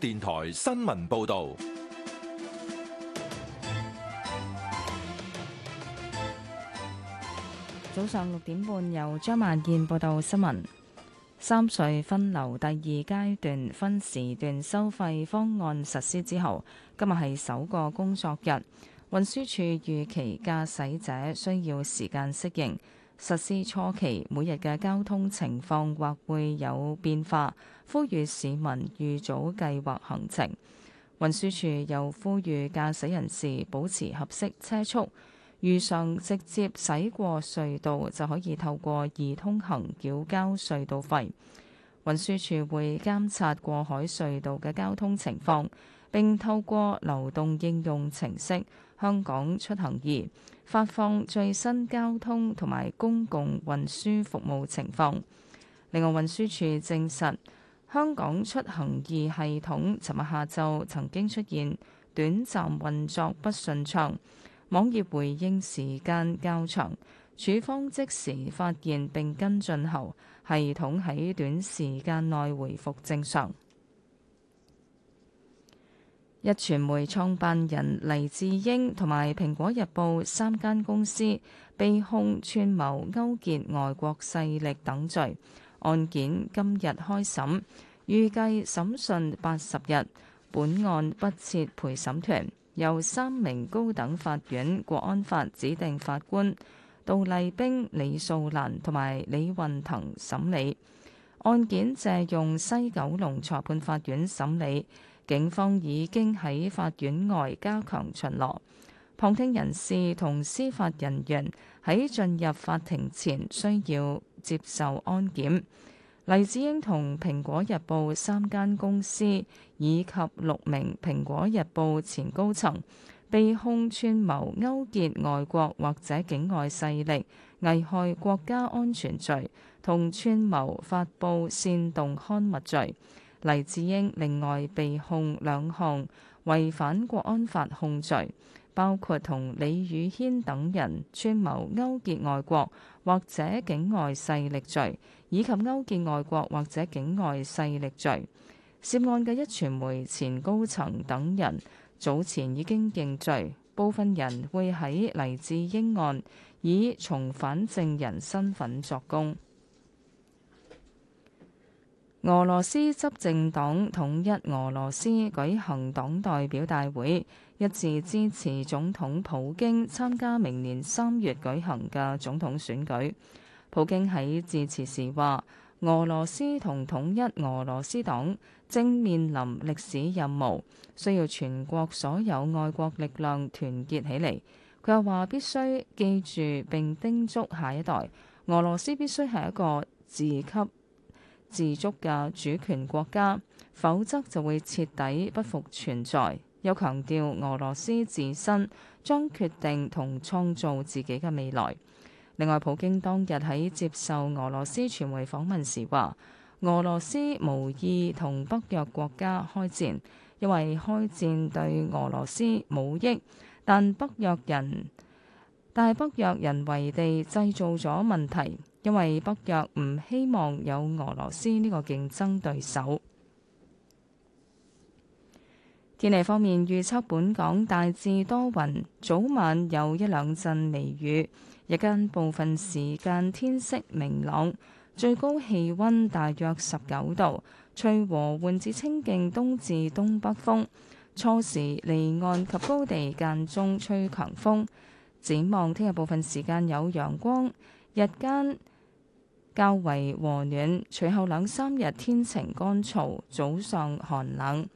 電台新聞報道：早上六點半，由張萬燕報道新聞。三隧分流第二階段分時段收費方案實施之後，今日係首個工作日，運輸處預期駕駛者需要時間適應。實施初期，每日嘅交通情況或會有變化，呼籲市民預早計劃行程。運輸處又呼籲駕駛人士保持合適車速，遇上直接駛過隧道，就可以透過易通行繳交隧道費。運輸處會監察過海隧道嘅交通情況。並透過流動應用程式《香港出行易》發放最新交通同埋公共運輸服務情況。另外，運輸署證實，《香港出行易》系統尋日下晝曾經出現短暫運作不順暢，網頁回應時間較長。署方即時發現並跟進後，系統喺短時間內回復正常。壹傳媒創辦人黎智英同埋《蘋果日報》三間公司被控串謀勾結外國勢力等罪，案件今日開審，預計審訊八十日。本案不設陪審團，由三名高等法院國安法指定法官杜麗冰、李素蘭同埋李運騰審理。案件借用西九龍裁判法院審理。警方已經喺法院外加強巡邏，旁聽人士同司法人員喺進入法庭前需要接受安檢。黎智英同《蘋果日報》三間公司以及六名《蘋果日報》前高層被控串謀勾結外國或者境外勢力，危害國家安全罪同串謀發布煽動刊物罪。黎智英另外被控兩項違反國安法控罪，包括同李宇軒等人串謀勾結外國或者境外勢力罪，以及勾結外國或者境外勢力罪。涉案嘅一傳媒前高層等人早前已經認罪，部分人會喺黎智英案以從犯證人身份作供。俄羅斯執政黨統一俄羅斯舉行黨代表大會，一致支持總統普京參加明年三月舉行嘅總統選舉。普京喺致辭時話：俄羅斯同統一俄羅斯黨正面臨歷史任務，需要全國所有愛國力量團結起嚟。佢又話：必須記住並叮囑下一代，俄羅斯必須係一個自給自足嘅主權國家，否則就會徹底不復存在。又強調俄羅斯自身將決定同創造自己嘅未來。另外，普京當日喺接受俄羅斯傳媒訪問時話，俄羅斯無意同北約國家開戰，因為開戰對俄羅斯冇益，但北約人大北約人為地製造咗問題。因為北約唔希望有俄羅斯呢個競爭對手。天氣方面預測，本港大致多雲，早晚有一兩陣微雨，日間部分時間天色明朗，最高氣温大約十九度，吹和緩至清勁東至東北風，初時離岸及高地間中吹強風。展望聽日部分時間有陽光，日間，較為和暖，隨後兩三日天晴乾燥，早上寒冷。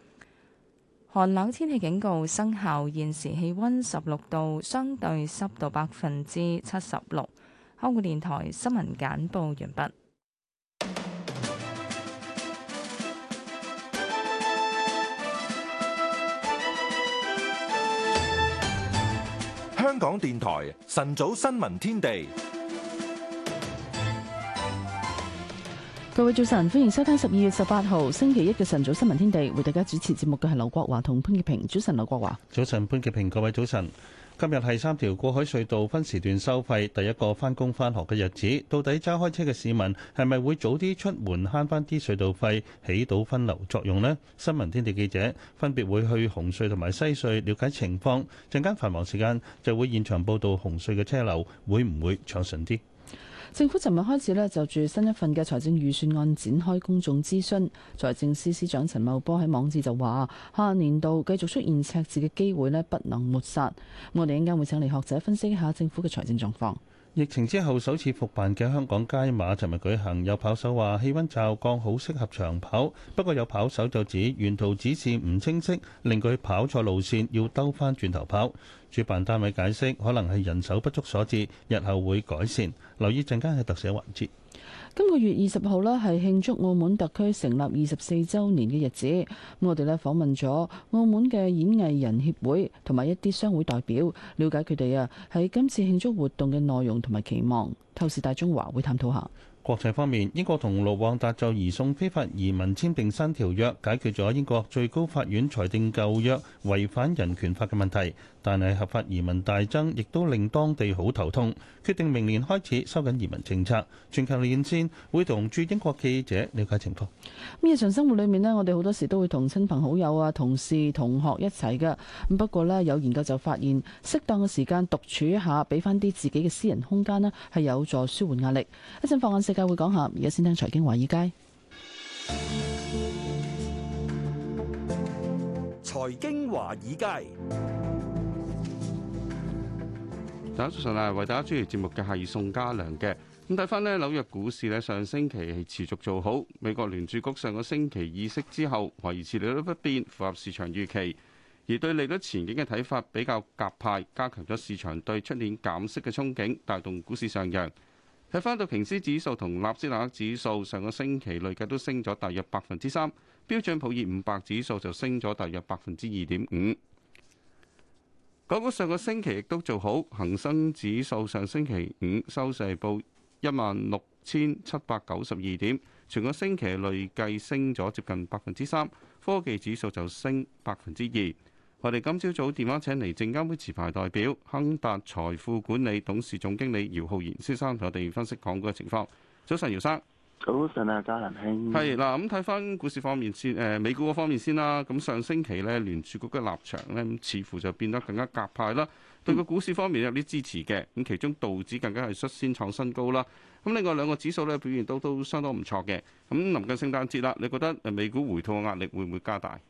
寒冷天氣警告生效，現時氣温十六度，相對濕度百分之七十六。香港電台新聞簡報完畢。香港電台晨早新聞天地。各位早晨，歡迎收聽十二月十八號星期一嘅晨早新聞天地。為大家主持節目嘅係劉國華同潘潔平。早晨，劉國華。早晨，潘潔平。各位早晨。今日係三條過海隧道分時段收費，第一個翻工翻學嘅日子，到底揸開車嘅市民係咪會早啲出門慳翻啲隧道費，起到分流作用呢？新聞天地記者分別會去紅隧同埋西隧了解情況，陣間繁忙時間就會現場報道紅隧嘅車流會唔會暢順啲？政府尋日開始咧，就住新一份嘅財政預算案展開公眾諮詢。財政司司長陳茂波喺網誌就話：下年度繼續出現赤字嘅機會咧，不能抹殺。我哋陣間會請嚟學者分析一下政府嘅財政狀況。疫情之後首次復辦嘅香港街馬尋日舉行，有跑手話氣温驟降,降，好適合長跑。不過有跑手就指沿途指示唔清晰，令佢跑錯路線，要兜返轉頭跑。主辦單位解釋，可能係人手不足所致，日後會改善。留意陣間係特寫環節。今個月二十號呢，係慶祝澳門特區成立二十四週年嘅日子。我哋呢訪問咗澳門嘅演藝人協會同埋一啲商會代表，了解佢哋啊喺今次慶祝活動嘅內容同埋期望。透視大中華會探討下。國際方面，英國同盧旺達就移送非法移民簽訂新條約，解決咗英國最高法院裁定舊約違反人權法嘅問題。但係合法移民大增，亦都令當地好頭痛，決定明年開始收緊移民政策。全球連線會同駐英國記者了解情況。咁日常生活裏面呢，我哋好多時都會同親朋好友啊、同事、同學一齊噶。咁不過呢，有研究就發現，適當嘅時間獨處一下，俾翻啲自己嘅私人空間呢，係有助舒緩壓力。一陣放眼世界會講下，而家先聽財經華爾街。財經華爾街。大家早晨啊！為大家主持節目嘅係宋家良嘅。咁睇翻呢，紐約股市呢，上星期係持續做好。美國聯儲局上個星期議息之後，維持利率不變，符合市場預期。而對利率前景嘅睇法比較鴿派，加強咗市場對出年減息嘅憧憬，帶動股市上揚。睇翻道瓊斯指數同納斯達克指數上個星期累計都升咗大約百分之三。標準普爾五百指數就升咗大約百分之二點五。港股上個星期亦都做好，恒生指數上星期五收市報一萬六千七百九十二點，全個星期累計升咗接近百分之三，科技指數就升百分之二。我哋今朝早，早電話請嚟證監會持牌代表、亨達財富管理董事總經理姚浩然先生同我哋分析港股嘅情況。早晨，姚生。早晨啊，嘉仁兄，係嗱，咁睇翻股市方面先，誒，美股方面先啦。咁上星期咧，聯儲局嘅立場咧，似乎就變得更加夾派啦，對個股市方面有啲支持嘅，咁其中道指更加係率先創新高啦。咁另外兩個指數咧，表現都都相當唔錯嘅。咁臨近聖誕節啦，你覺得誒美股回吐嘅壓力會唔會加大？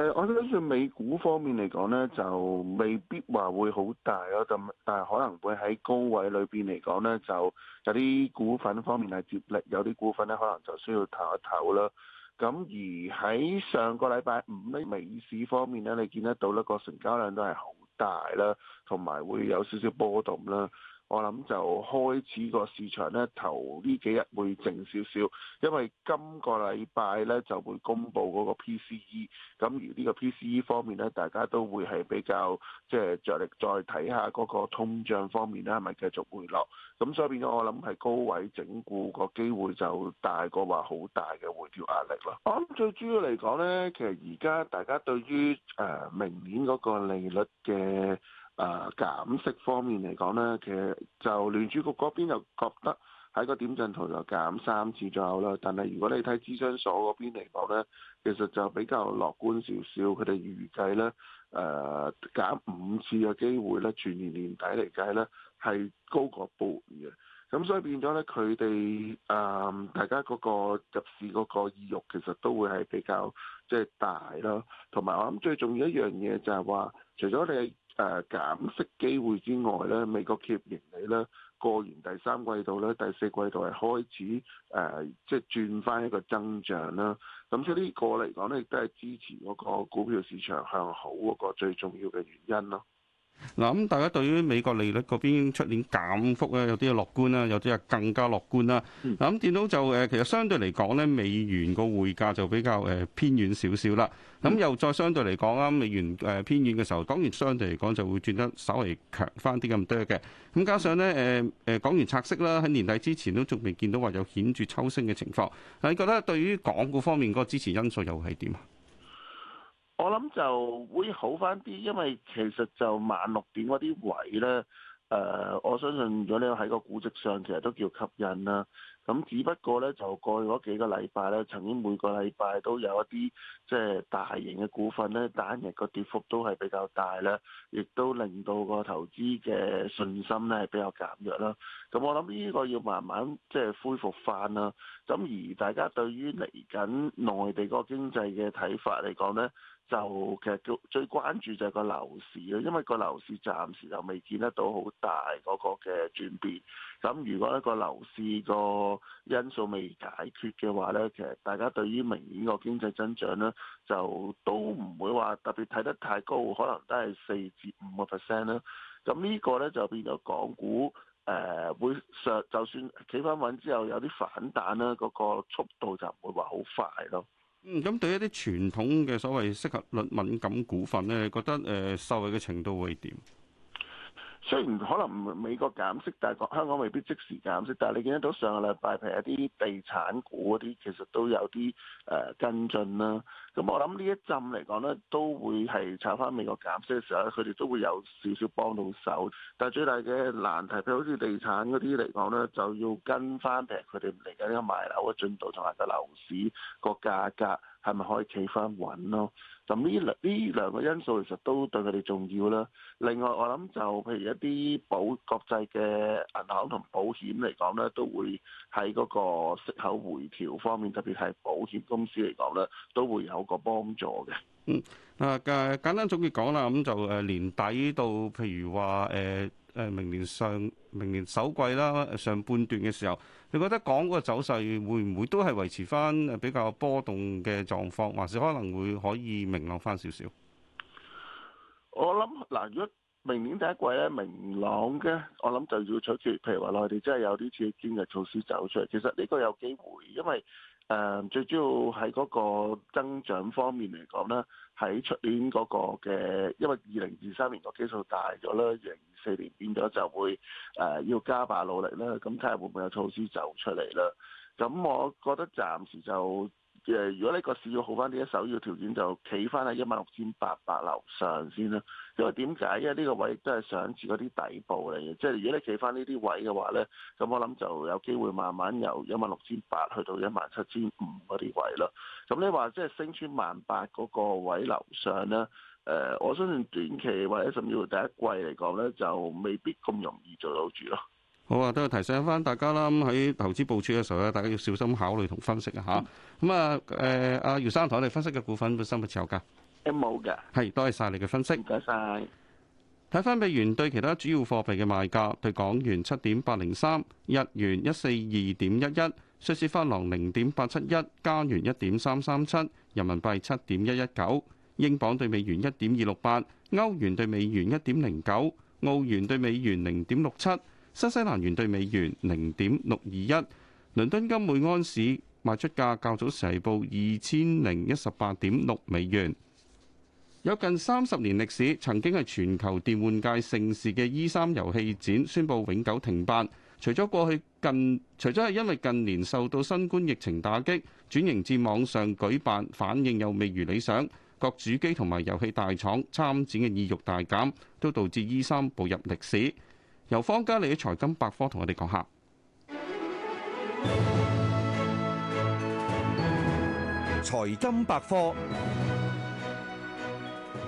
誒，我諗住美股方面嚟講咧，就未必話會好大咯，咁但係可能會喺高位裏邊嚟講咧，就有啲股份方面係接力，有啲股份咧可能就需要唞一唞啦。咁而喺上個禮拜五咧，美市方面咧，你見得到咧個成交量都係好大啦，同埋會有少少波動啦。我諗就開始個市場咧，頭呢幾日會靜少少，因為今個禮拜咧就會公布嗰個 PCE，咁而呢個 PCE 方面咧，大家都會係比較即係着力再睇下嗰個通脹方面咧，係咪繼續回落？咁所以變咗我諗係高位整固個機會就大過話好大嘅回調壓力咯。我諗最主要嚟講咧，其實而家大家對於誒、呃、明年嗰個利率嘅。誒、呃、減息方面嚟講咧，其實就聯儲局嗰邊又覺得喺個點陣圖就減三次左右啦。但係如果你睇諮詢所嗰邊嚟講咧，其實就比較樂觀少少。佢哋預計咧誒減五次嘅機會咧，全年年底嚟計咧係高過半嘅。咁所以變咗咧，佢哋誒大家嗰個入市嗰個意欲其實都會係比較即係、就是、大咯。同埋我諗最重要一樣嘢就係話，除咗你。誒、呃、減息機會之外咧，美國企業盈利咧過完第三季度咧，第四季度係開始誒、呃，即係轉翻一個增長啦。咁所以個呢個嚟講咧，亦都係支持嗰個股票市場向好嗰個最重要嘅原因咯。嗱，咁大家對於美國利率嗰邊出年減幅咧，有啲樂觀啦，有啲係更加樂觀啦。嗱、嗯，咁見到就誒，其實相對嚟講咧，美元個匯價就比較誒偏遠少少啦。咁又再相對嚟講啊，美元誒偏遠嘅時候，當然相對嚟講就會轉得稍微強翻啲咁多嘅。咁加上咧誒誒，港元拆息啦，喺年底之前都仲未見到話有顯著抽升嘅情況。你覺得對於港股方面嗰個支持因素又係點啊？我諗就會好翻啲，因為其實就萬六點嗰啲位咧，誒、呃，我相信如果你喺個估值上，其實都叫吸引啦。咁只不過咧，就過去嗰幾個禮拜咧，曾經每個禮拜都有一啲即係大型嘅股份咧，單日個跌幅都係比較大咧，亦都令到個投資嘅信心咧係比較減弱啦。咁我諗呢個要慢慢即係恢復翻啦。咁而大家對於嚟緊內地嗰個經濟嘅睇法嚟講咧，就其實最最關注就係個樓市咯，因為個樓市暫時就未見得到好大嗰個嘅轉變。咁如果一個樓市個因素未解決嘅話咧，其實大家對於明年個經濟增長咧，就都唔會話特別睇得太高，可能都係四至五個 percent 啦。咁呢個咧就變咗港股誒、呃、會上，就算企翻穩之後有啲反彈啦，嗰、嗰個速度就唔會話好快咯。嗯，咁對一啲傳統嘅所謂適合率敏感股份咧，你覺得誒、呃、受惠嘅程度會點？雖然可能美國減息，但係香港未必即時減息。但係你見得到上個禮拜譬如一啲地產股嗰啲，其實都有啲誒、呃、跟進啦。咁我諗呢一陣嚟講咧，都會係炒翻美國減息嘅時候咧，佢哋都會有少少幫到手。但係最大嘅難題，譬如好似地產嗰啲嚟講咧，就要跟翻譬如佢哋嚟緊呢個賣樓嘅進度，同埋個樓市個價格係咪可以企翻穩咯？咁呢兩呢兩個因素其實都對佢哋重要啦。另外我諗就譬如一啲保國際嘅銀行同保險嚟講咧，都會喺嗰個息口回調方面，特別係保險公司嚟講咧，都會有個幫助嘅。嗯，啊，誒簡單總結講啦，咁就誒年底到譬如話誒誒明年上明年首季啦，上半段嘅時候。你覺得港股嘅走勢會唔會都係維持翻比較波動嘅狀況，還是可能會可以明朗翻少少？我諗嗱，如果明年第一季咧，明朗嘅，我諗就要取決，譬如話內地真係有啲似專嘅措施走出嚟，其實呢個有機會，因為。誒，最主要喺嗰個增長方面嚟講咧，喺出年嗰個嘅，因為二零二三年個基數大咗啦，二零二四年變咗就會誒、呃、要加把努力啦，咁睇下會唔會有措施走出嚟啦。咁我覺得暫時就。誒，如果呢個市要好翻啲，首要條件就企翻喺一萬六千八百樓上先啦。因為點解？因為呢個位都係上次嗰啲底部嚟嘅，即係如果你企翻呢啲位嘅話咧，咁我諗就有機會慢慢由一萬六千八去到一萬七千五嗰啲位啦。咁你話即係升穿萬八嗰個位樓上咧？誒，我相信短期或者甚至乎第一季嚟講咧，就未必咁容易做到住咯。好啊，都要提醒翻大家啦。咁喺投資部署嘅時候咧，大家要小心考慮同分析啊。嚇咁啊，誒，阿姚生同我哋分析嘅股份嘅收咪持有噶，一冇嘅，係多謝曬你嘅分析。唔該曬。睇翻美元對其他主要貨幣嘅賣價，對港元七點八零三，日元一四二點一一，瑞士法郎零點八七一，加元一點三三七，人民幣七點一一九，英鎊對美元一點二六八，歐元對美元一點零九，澳元對美元零點六七。新西蘭元對美元零點六二一，倫敦金每盎士賣出價較早時係報二千零一十八點六美元。有近三十年歷史，曾經係全球電玩界盛事嘅 E 三遊戲展，宣布永久停辦。除咗過去近，除咗係因為近年受到新冠疫情打擊，轉型至網上舉辦，反應又未如理想，各主機同埋遊戲大廠參展嘅意欲大減，都導致 E 三步入歷史。由方家利嘅財金百科同我哋講下財金百科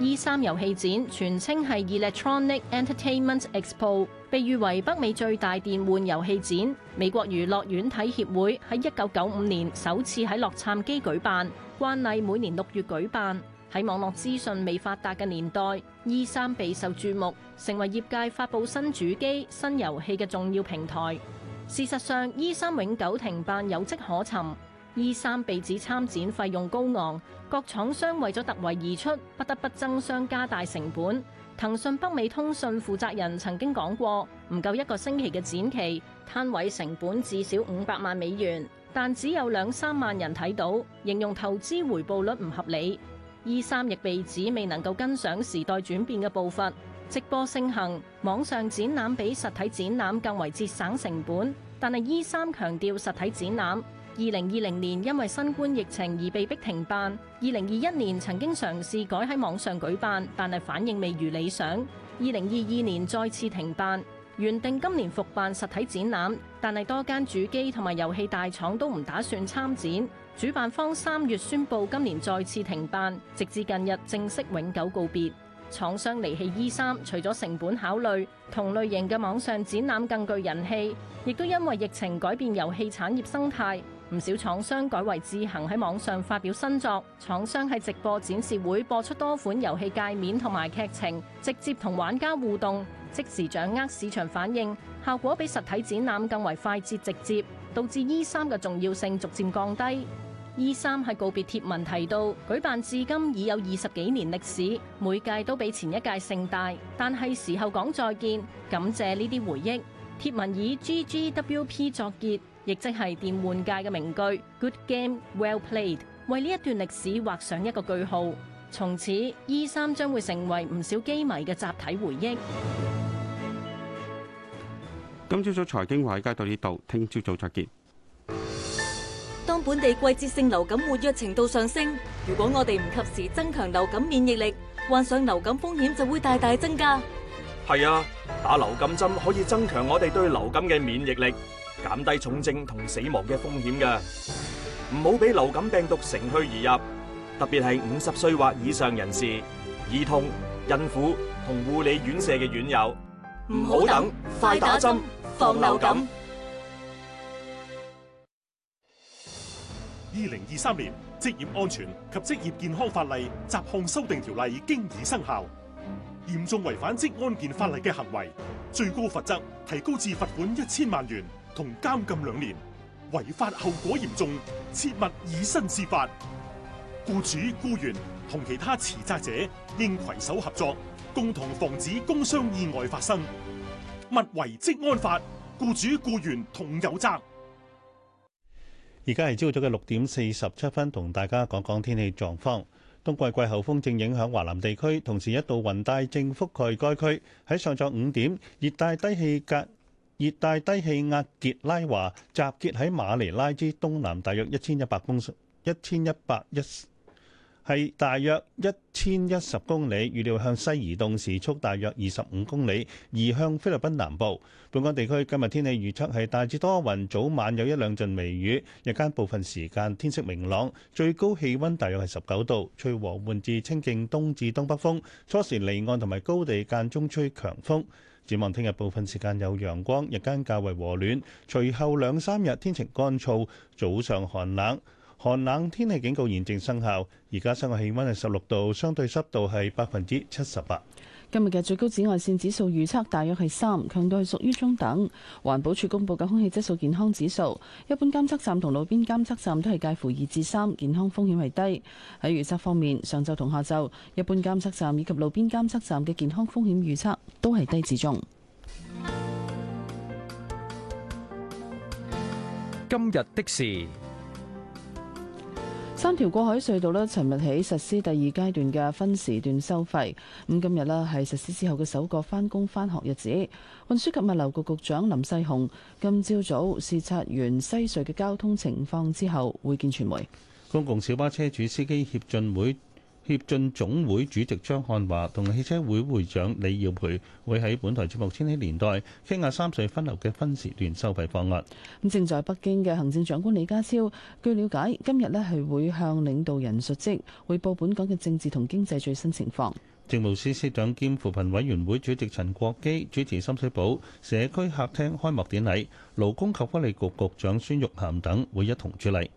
E3 遊戲展全稱係 Electronic Entertainment Expo，被譽為北美最大電玩遊戲展。美國娛樂軟體協會喺一九九五年首次喺洛杉磯舉辦，慣例每年六月舉辦。喺網絡資訊未發達嘅年代，E3 備受注目，成為業界發布新主機、新遊戲嘅重要平台。事實上，E3 永久停辦有跡可尋。E3 被指參展費用高昂，各廠商為咗突圍而出，不得不爭相加大成本。騰訊北美通訊負責人曾經講過：唔夠一個星期嘅展期，攤位成本至少五百萬美元，但只有兩三萬人睇到，形容投資回報率唔合理。E 三亦被指未能夠跟上時代轉變嘅步伐。直播盛行，網上展覽比實體展覽更為節省成本，但係 E 三強調實體展覽。二零二零年因為新冠疫情而被迫停辦，二零二一年曾經嘗試改喺網上舉辦，但係反應未如理想。二零二二年再次停辦，原定今年復辦實體展覽，但係多間主機同埋遊戲大廠都唔打算參展。主辦方三月宣佈今年再次停辦，直至近日正式永久告別。廠商離棄 E3，除咗成本考慮，同類型嘅網上展覽更具人氣，亦都因為疫情改變遊戲產業生態。唔少廠商改為自行喺網上發表新作。廠商喺直播展示會播出多款遊戲界面同埋劇情，直接同玩家互動，即時掌握市場反應，效果比實體展覽更為快捷直接。導致 E3 嘅重要性逐漸降低。E3 係告別帖文提到，舉辦至今已有二十幾年歷史，每屆都比前一屆盛大，但係時候講再見，感謝呢啲回憶。帖文以 G G W P 作結，亦即係電玩界嘅名句 Good game well played，為呢一段歷史畫上一個句號。從此 E3 將會成為唔少機迷嘅集體回憶。今朝早財經話喺街到呢度，聽朝早再見。當本地季節性流感活躍程度上升，如果我哋唔及時增強流感免疫力，患上流感風險就會大大增加。係啊，打流感針可以增強我哋對流感嘅免疫力，減低重症同死亡嘅風險㗎。唔好俾流感病毒乘虛而入，特別係五十歲或以上人士、兒童、孕婦同護理院舍嘅院友。唔好等，快打針！防流感。二零二三年職業安全及職業健康法例雜項修訂條例經已生效，嚴重違反職安健法例嘅行為，最高罰則提高至罰款一千萬元同監禁兩年。違法後果嚴重，切勿以身試法。雇主、雇員同其他持份者應携手合作，共同防止工傷意外發生。勿違職安法，僱主僱員同有責。而家係朝早嘅六點四十七分，同大家講講天氣狀況。冬季季候風正影響華南地區，同時一道雲帶正覆蓋該區。喺上晝五點，熱帶低氣壓熱帶低氣壓傑拉華集結喺馬尼拉之東南，大約一千一百公尺，一千一百一。係大約一千一十公里，預料向西移動，時速大約二十五公里，移向菲律賓南部。本港地區今日天氣預測係大致多雲，早晚有一兩陣微雨，日間部分時間天色明朗，最高氣温大約係十九度，吹和緩至清勁東至東北風，初時離岸同埋高地間中吹強風。展望聽日部分時間有陽光，日間較為和暖，隨後兩三日天晴乾燥，早上寒冷。寒冷天氣警告現正生效，而家室外氣溫係十六度，相對濕度係百分之七十八。今日嘅最高紫外線指數預測大約係三，強度係屬於中等。環保署公佈嘅空氣質素健康指數，一般監測站同路邊監測站都係介乎二至三，健康風險為低。喺預測方面，上晝同下晝，一般監測站以及路邊監測站嘅健康風險預測都係低至中。今日的時。三條過海隧道咧，尋日起實施第二階段嘅分時段收費。咁今日咧係實施之後嘅首個返工返學日子。運輸及物流局局長林世雄今朝早視察完西隧嘅交通情況之後，會見傳媒。公共小巴車主司機協進會。協進總會主席張漢華，同汽車會會長李耀培會喺本台節目《千禧年代》傾下三隧分流嘅分時段收費方案。咁正在北京嘅行政長官李家超，據了解今日咧係會向領導人述職，彙報本港嘅政治同經濟最新情況。政務司司長兼扶貧委員會主席陳國基主持深水埗社區客廳開幕典禮，勞工及福利局局，局長孫玉菡等會一同主禮。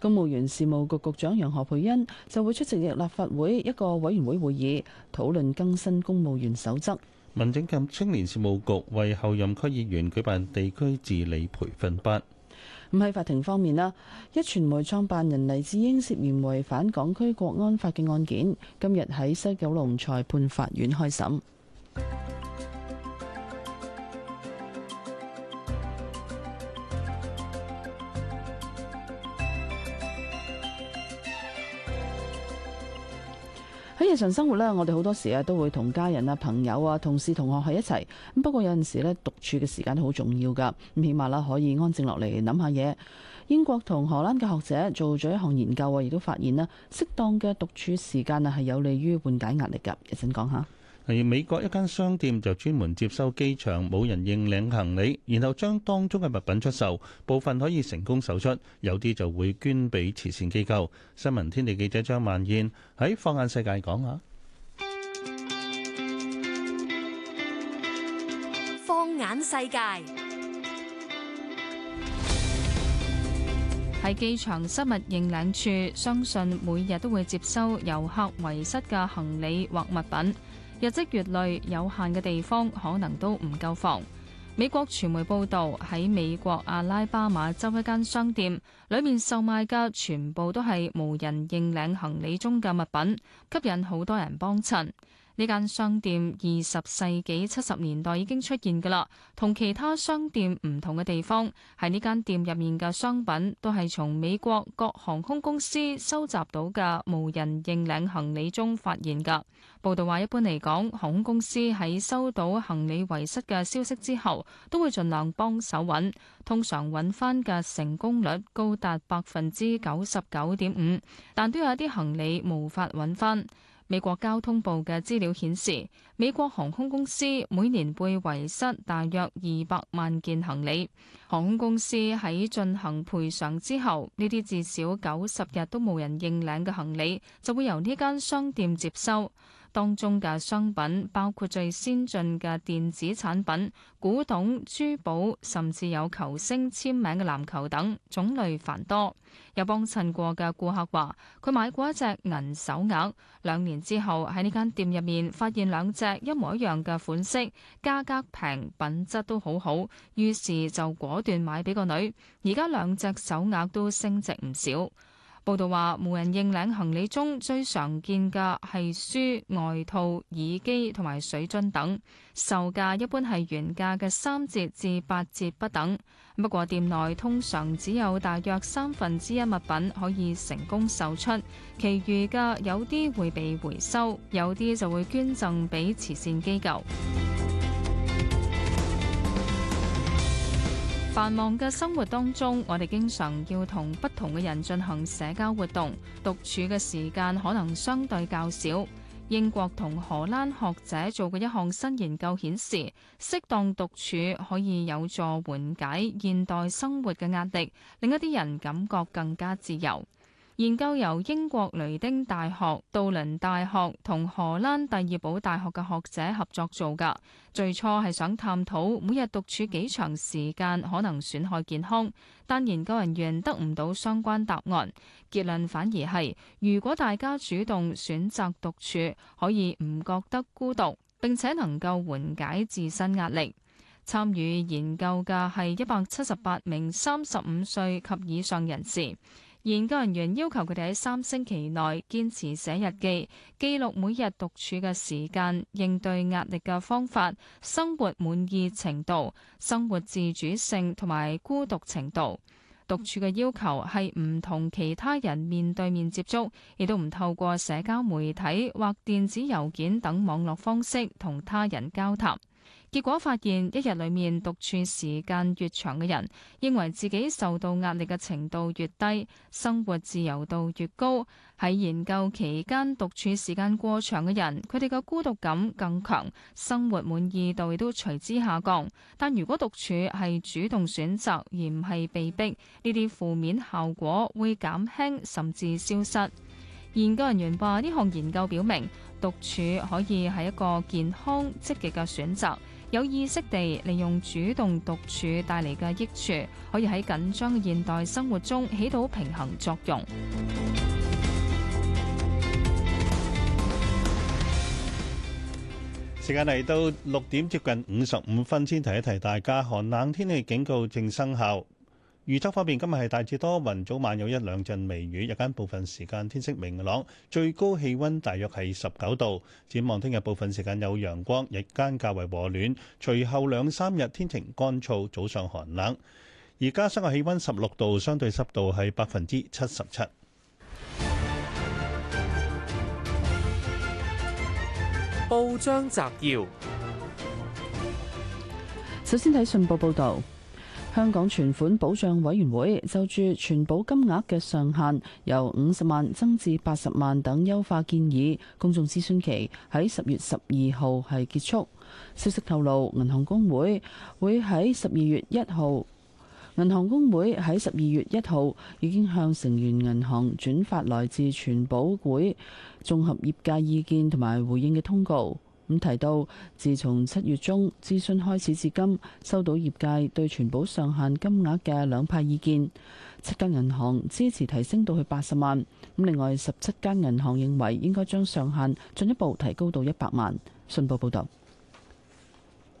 公務員事務局局長楊何培恩就會出席立法會一個委員會會議，討論更新公務員守則。民政及青年事務局為候任區議員舉辦地區治理培訓班。咁喺法庭方面啦，壹傳媒創辦人黎智英涉嫌違反港區國安法嘅案件，今日喺西九龍裁判法院開審。喺日常生活咧，我哋好多時啊都會同家人啊、朋友啊、同事同學喺一齊。咁不過有陣時咧，獨處嘅時間都好重要噶。咁起碼啦，可以安靜落嚟諗下嘢。英國同荷蘭嘅學者做咗一項研究啊，亦都發現啦，適當嘅獨處時間啊，係有利於緩解壓力㗎。一陣講下。而，美國一間商店就專門接收機場冇人認領行李，然後將當中嘅物品出售，部分可以成功售出，有啲就會捐俾慈善機構。新聞天地記者張曼燕喺《放眼世界》講下，《放眼世界》喺機場失物認領處，相信每日都會接收遊客遺失嘅行李或物品。日積月累，有限嘅地方可能都唔夠放。美國傳媒報導，喺美國阿拉巴馬州一間商店，裡面售賣嘅全部都係無人認領行李中嘅物品，吸引好多人幫襯。呢間商店二十世紀七十年代已經出現㗎啦。同其他商店唔同嘅地方，係呢間店入面嘅商品都係從美國各航空公司收集到嘅無人認領行李中發現㗎。報道話，一般嚟講，航空公司喺收到行李遺失嘅消息之後，都會盡量幫手揾，通常揾翻嘅成功率高達百分之九十九點五，但都有一啲行李無法揾翻。美國交通部嘅資料顯示，美國航空公司每年會遺失大約二百萬件行李。航空公司喺進行賠償之後，呢啲至少九十日都冇人認領嘅行李，就會由呢間商店接收。當中嘅商品包括最先進嘅電子產品、古董、珠寶，甚至有球星簽名嘅籃球等，種類繁多。有幫襯過嘅顧客話，佢買過一隻銀手鐲，兩年之後喺呢間店入面發現兩隻一模一樣嘅款式，價格平，品質都好好，於是就果斷買俾個女。而家兩隻手鐲都升值唔少。報道話，無人認領行李中最常見嘅係書、外套、耳機同埋水樽等，售價一般係原價嘅三折至八折不等。不過，店內通常只有大約三分之一物品可以成功售出，其餘嘅有啲會被回收，有啲就會捐贈俾慈善機構。繁忙嘅生活當中，我哋經常要同不同嘅人進行社交活動，獨處嘅時間可能相對較少。英國同荷蘭學者做嘅一項新研究顯示，適當獨處可以有助緩解現代生活嘅壓力，令一啲人感覺更加自由。研究由英國雷丁大學、杜倫大學同荷蘭第二堡大學嘅學者合作做㗎，最初係想探討每日獨處幾長時間可能損害健康，但研究人員得唔到相關答案，結論反而係如果大家主動選擇獨處，可以唔覺得孤獨，並且能夠緩解自身壓力。參與研究嘅係一百七十八名三十五歲及以上人士。研究人員要求佢哋喺三星期內堅持寫日記，記錄每日獨處嘅時間、應對壓力嘅方法、生活滿意程度、生活自主性同埋孤獨程度。獨處嘅要求係唔同其他人面對面接觸，亦都唔透過社交媒體或電子郵件等網絡方式同他人交談。結果發現，一日裏面獨處時間越長嘅人，認為自己受到壓力嘅程度越低，生活自由度越高。喺研究期間，獨處時間過長嘅人，佢哋嘅孤獨感更強，生活滿意度亦都隨之下降。但如果獨處係主動選擇而唔係被逼，呢啲負面效果會減輕甚至消失。研究人員話，呢項研究表明，獨處可以係一個健康積極嘅選擇。有意識地利用主動獨處帶嚟嘅益處，可以喺緊張嘅現代生活中起到平衡作用。時間嚟到六點接近五十五分，先提一提大家，寒冷天氣警告正生效。預測方面，今日係大致多雲，早晚有一兩陣微雨，日間部分時間天色明朗，最高氣溫大約係十九度。展望聽日部分時間有陽光，日間較為和暖，隨後兩三日天晴乾燥，早上寒冷。而家市區氣溫十六度，相對濕度係百分之七十七。報章摘要，首先睇信報報道。香港存款保障委員會就住存保金額嘅上限由五十萬增至八十萬等優化建議，公眾諮詢期喺十月十二號係結束。消息透露，銀行公會會喺十二月一號，銀行公會喺十二月一號已經向成員銀行轉發來自存保會綜合業界意見同埋回應嘅通告。咁提到，自從七月中諮詢開始至今，收到業界對存保上限金額嘅兩派意見，七間銀行支持提升到去八十萬，咁另外十七間銀行認為應該將上限進一步提高到一百萬。信報報導，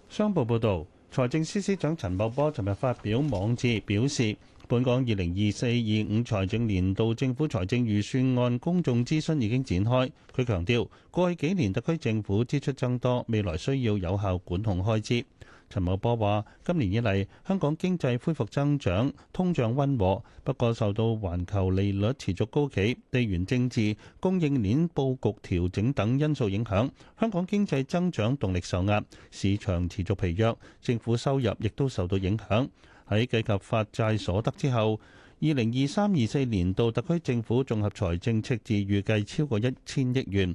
商報報導，財政司司長陳茂波尋日發表網誌表示。本港二零二四二五財政年度政府財政預算案公眾諮詢已經展開，佢強調過去幾年特區政府支出增多，未來需要有效管控開支。陳茂波話今年以嚟，香港經濟恢復增長，通脹溫和，不過受到環球利率持續高企、地緣政治、供應鏈布局調整等因素影響，香港經濟增長動力受壓，市場持續疲弱，政府收入亦都受到影響。喺計及發債所得之後，二零二三、二四年度特區政府綜合財政赤字預計超過一千億元。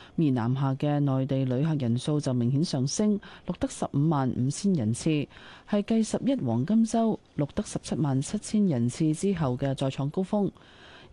而南下嘅內地旅客人數就明顯上升，錄得十五萬五千人次，係繼十一黃金週錄得十七萬七千人次之後嘅再創高峰。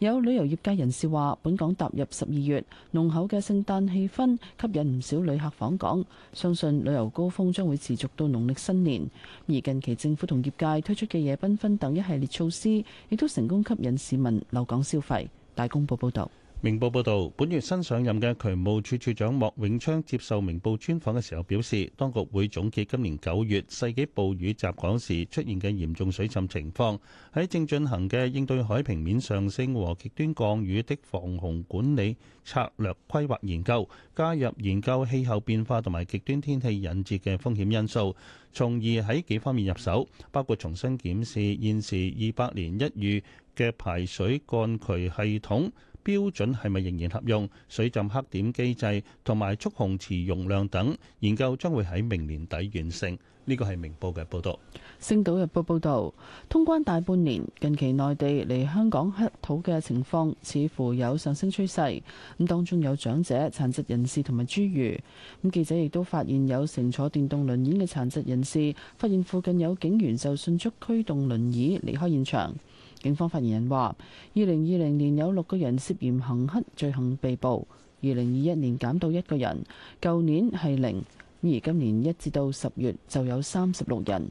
有旅遊業界人士話：本港踏入十二月，濃厚嘅聖誕氣氛吸引唔少旅客訪港，相信旅遊高峰將會持續到農曆新年。而近期政府同業界推出嘅夜繽紛等一系列措施，亦都成功吸引市民留港消費。大公報報導。明報報導，本月新上任嘅渠務署署長莫永昌接受明報專訪嘅時候表示，當局會總結今年九月世紀暴雨襲港時出現嘅嚴重水浸情況，喺正進行嘅應對海平面上升和極端降雨的防洪管理策略規劃研究，加入研究氣候變化同埋極端天氣引致嘅風險因素，從而喺幾方面入手，包括重新檢視現時二百年一遇嘅排水幹渠系統。標準係咪仍然合用？水浸黑點機制同埋蓄洪池容量等研究將會喺明年底完成。呢個係明報嘅報導。星島日報報導，通關大半年，近期內地嚟香港乞討嘅情況似乎有上升趨勢。咁當中有長者、殘疾人士同埋侏儒。咁記者亦都發現有乘坐電動輪椅嘅殘疾人士，發現附近有警員就迅速驅動輪椅離開現場。警方發言人話，二零二零年有六個人涉嫌行乞罪行被捕，二零二一年減到一個人，舊年係零，而今年一至到十月就有三十六人。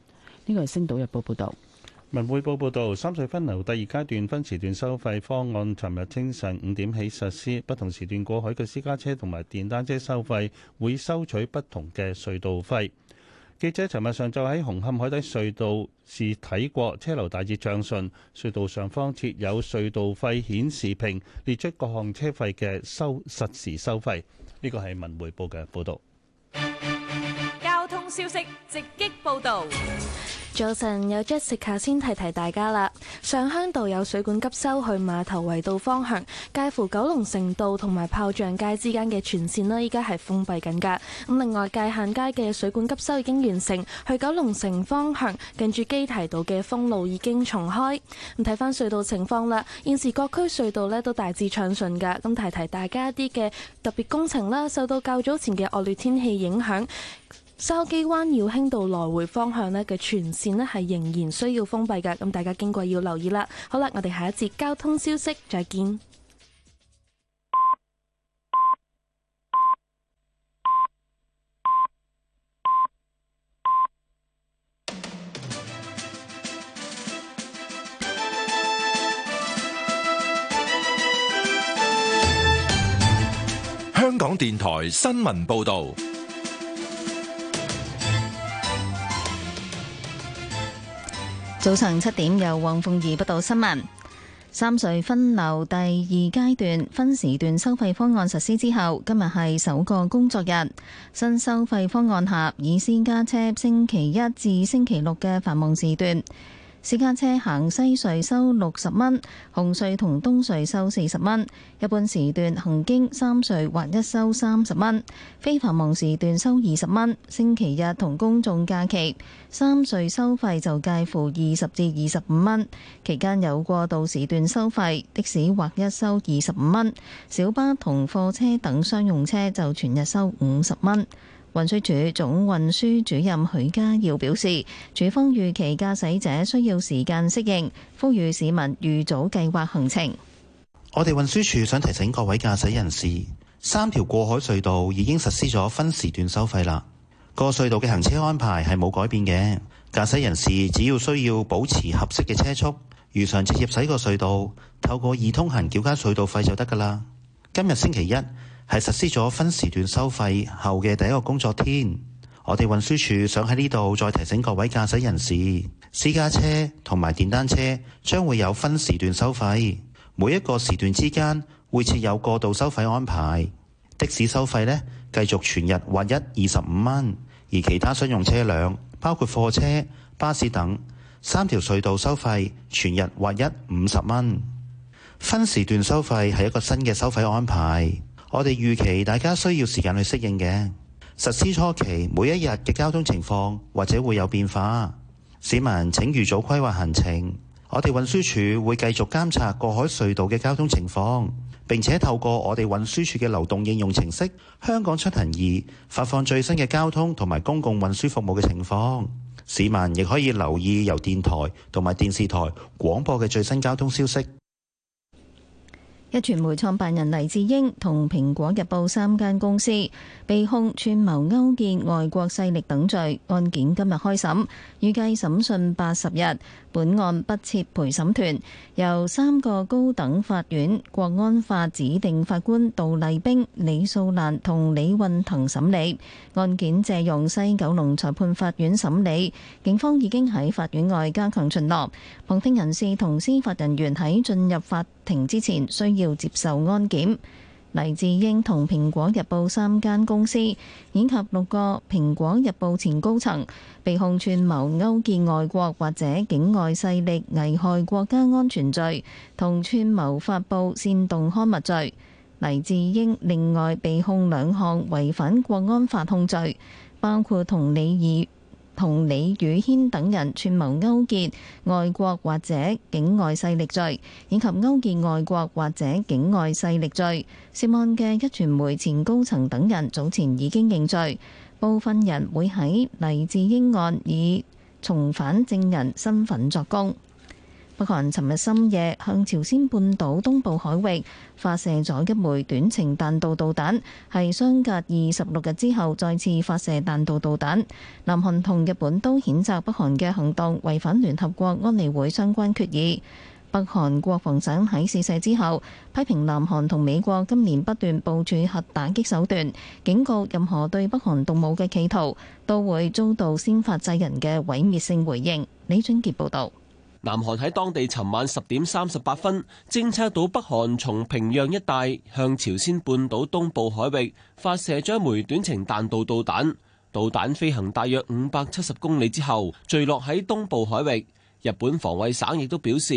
呢個係《星島日報》報導。《文匯報》報導，三隧分流第二階段分時段收費方案，尋日清晨五點起實施，不同時段過海嘅私家車同埋電單車收費會收取不同嘅隧道費。記者尋日上晝喺紅磡海底隧道試睇過車流大致暢順，隧道上方設有隧道費顯示屏，列出各項車費嘅收實時收費。呢個係文匯報嘅報道。交通消息直擊報道。早晨，有 Jessica 先，提提大家啦。上鄉道有水管急修去碼頭圍道方向，介乎九龍城道同埋炮仗街之間嘅全線呢，依家係封閉緊㗎。咁另外，界限街嘅水管急修已經完成，去九龍城方向近住基堤道嘅封路已經重開。咁睇翻隧道情況啦，現時各區隧道呢都大致暢順㗎。咁提提大家啲嘅特別工程啦，受到較早前嘅惡劣天氣影響，筲箕灣耀興道來回方向咧嘅全線咧係仍然需要封閉嘅，咁大家經過要留意啦。好啦，我哋下一節交通消息，再見。香港電台新聞報道。早上七點，由黃鳳儀報道新聞。三隧分流第二階段分時段收費方案實施之後，今日係首個工作日。新收費方案下，以私家車星期一至星期六嘅繁忙時段。私家車行西隧收六十蚊，紅隧同東隧收四十蚊。一般時段行經三隧或一收三十蚊，非繁忙時段收二十蚊。星期日同公眾假期三隧收費就介乎二十至二十五蚊。期間有過渡時段收費，的士或一收二十五蚊，小巴同貨車等商用車就全日收五十蚊。運輸署總運輸主任許家耀表示，署方預期駕駛者需要時間適應，呼籲市民預早計劃行程。我哋運輸署想提醒各位駕駛人士，三條過海隧道已經實施咗分時段收費啦。個隧道嘅行車安排係冇改變嘅，駕駛人士只要需要保持合適嘅車速，如常直接駛過隧道，透過易通行繳交隧道費就得噶啦。今日星期一。係實施咗分時段收費後嘅第一個工作天，我哋運輸署想喺呢度再提醒各位駕駛人士，私家車同埋電單車將會有分時段收費，每一個時段之間會設有過渡收費安排。的士收費呢，繼續全日劃一二十五蚊，而其他商用車輛包括貨車、巴士等三條隧道收費全日劃一五十蚊。分時段收費係一個新嘅收費安排。我哋預期大家需要時間去適應嘅實施初期，每一日嘅交通情況或者會有變化。市民請預早規劃行程。我哋運輸署會繼續監察過海隧道嘅交通情況，並且透過我哋運輸署嘅流動應用程式《香港出行易》發放最新嘅交通同埋公共運輸服務嘅情況。市民亦可以留意由電台同埋電視台廣播嘅最新交通消息。一傳媒創辦人黎智英同蘋果日報三間公司被控串謀勾結外國勢力等罪，案件今日開審，預計審訊八十日。本案不設陪審團，由三個高等法院國安法指定法官杜麗冰、李素蘭同李運騰審理。案件借用西九龍裁判法院審理。警方已經喺法院外加強巡邏，旁聽人士同司法人員喺進入法庭之前需要接受安檢。黎智英同《蘋果日報》三間公司，以及六個《蘋果日報》前高層，被控串謀勾結外國或者境外勢力危害國家安全罪，同串謀發佈煽動刊物罪。黎智英另外被控兩項違反國安法控罪，包括同李耳。同李宇軒等人串謀勾結外國或者境外勢力罪，以及勾結外國或者境外勢力罪，涉案嘅壹傳媒前高層等人早前已經認罪，部分人會喺黎智英案以從犯證人身份作供。北韓尋日深夜向朝鮮半島東部海域發射咗一枚短程彈道導彈，係相隔二十六日之後再次發射彈道導彈。南韓同日本都譴責北韓嘅行動違反聯合國安理會相關決議。北韓國防省喺試射之後批評南韓同美國今年不斷部署核打擊手段，警告任何對北韓動武嘅企圖都會遭到先發制人嘅毀滅性回應。李俊傑報導。南韓喺當地尋晚十點三十八分偵測到北韓從平壤一帶向朝鮮半島東部海域發射咗一枚短程彈道導彈，導彈飛行大約五百七十公里之後，墜落喺東部海域。日本防衛省亦都表示，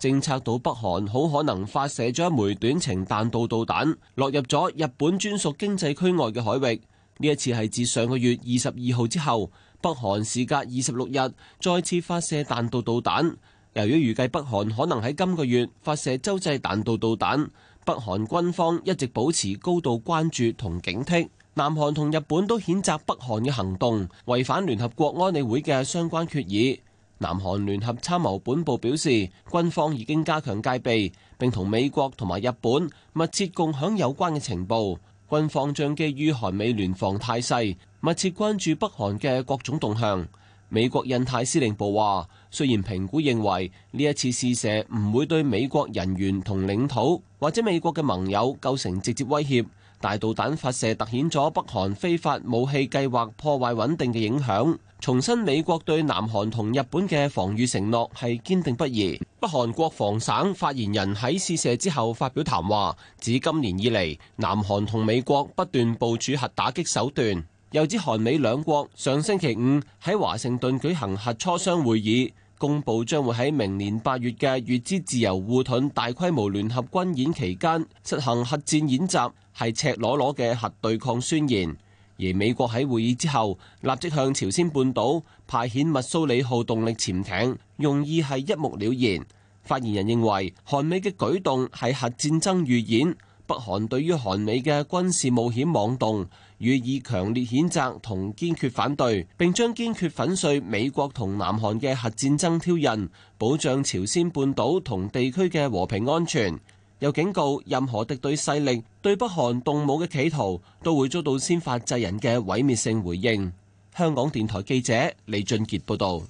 偵測到北韓好可能發射咗一枚短程彈道導彈，落入咗日本專屬經濟區外嘅海域。呢一次係自上個月二十二號之後。北韓時隔二十六日再次發射彈道導彈，由於預計北韓可能喺今個月發射洲際彈道導彈，北韓軍方一直保持高度關注同警惕。南韓同日本都譴責北韓嘅行動，違反聯合國安理會嘅相關決議。南韓聯合參謀本部表示，軍方已經加強戒備，並同美國同埋日本密切共享有關嘅情報。軍方將基於韓美聯防態勢。密切關注北韓嘅各種動向。美國印太司令部話，雖然評估認為呢一次試射唔會對美國人員同領土或者美國嘅盟友構成直接威脅，大導彈發射凸顯咗北韓非法武器計劃破壞穩定嘅影響，重申美國對南韓同日本嘅防禦承諾係堅定不移。北韓國防省發言人喺試射之後發表談話，指今年以嚟，南韓同美國不斷部署核打擊手段。又指韓美兩國上星期五喺華盛頓舉行核磋商會議，公佈將會喺明年八月嘅乙支自由護盾大規模聯合軍演期間實行核戰演習，係赤裸裸嘅核對抗宣言。而美國喺會議之後立即向朝鮮半島派遣密蘇里號動力潛艇，用意係一目了然。發言人認為韓美嘅舉動係核戰爭預演，北韓對於韓美嘅軍事冒險妄動，予以強烈譴責同堅決反對，並將堅決粉碎美國同南韓嘅核戰爭挑釁，保障朝鮮半島同地區嘅和平安全。又警告任何敵對勢力對北韓動武嘅企圖，都會遭到先發制人嘅毀滅性回應。香港電台記者李俊傑報道。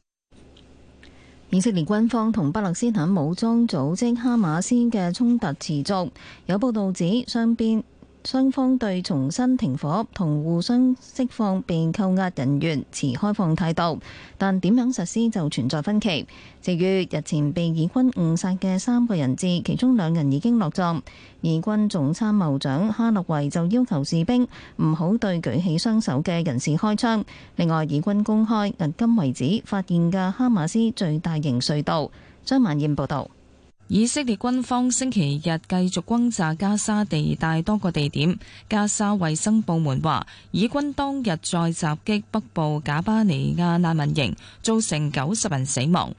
以色列軍方同巴勒斯坦武裝組織哈馬斯嘅衝突持續，有報道指雙邊，雙方對重新停火同互相釋放被扣押人員持開放態度，但點樣實施就存在分歧。至於日前被以軍誤殺嘅三個人質，其中兩人已經落葬。以軍總參謀長哈洛維就要求士兵唔好對舉起雙手嘅人士開槍。另外，以軍公開至今為止發現嘅哈馬斯最大型隧道。張曼燕報道。以色列軍方星期日繼續轟炸加沙地帶多個地點。加沙衛生部門話，以軍當日再襲擊北部賈巴尼亞難民營，造成九十人死亡。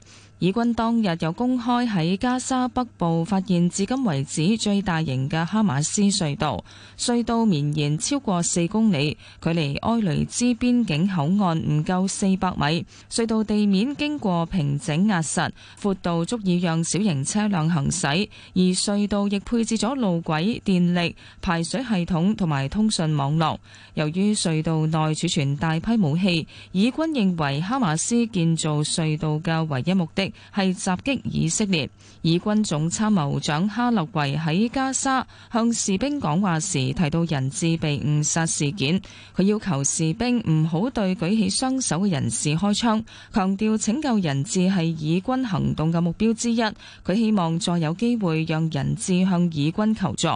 以軍當日又公開喺加沙北部發現至今為止最大型嘅哈馬斯隧道，隧道，隧道綿延超過四公里，距離埃雷茲邊境口岸唔夠四百米。隧道地面經過平整壓實，闊度足以讓小型車輛行駛，而隧道亦配置咗路軌、電力、排水系統同埋通訊網絡。由於隧道內儲存大批武器，以軍認為哈馬斯建造隧道嘅唯一目的，係襲擊以色列，以軍總參謀長哈立維喺加沙向士兵講話時提到人質被誤殺事件，佢要求士兵唔好對舉起雙手嘅人士開槍，強調拯救人質係以軍行動嘅目標之一。佢希望再有機會讓人質向以軍求助。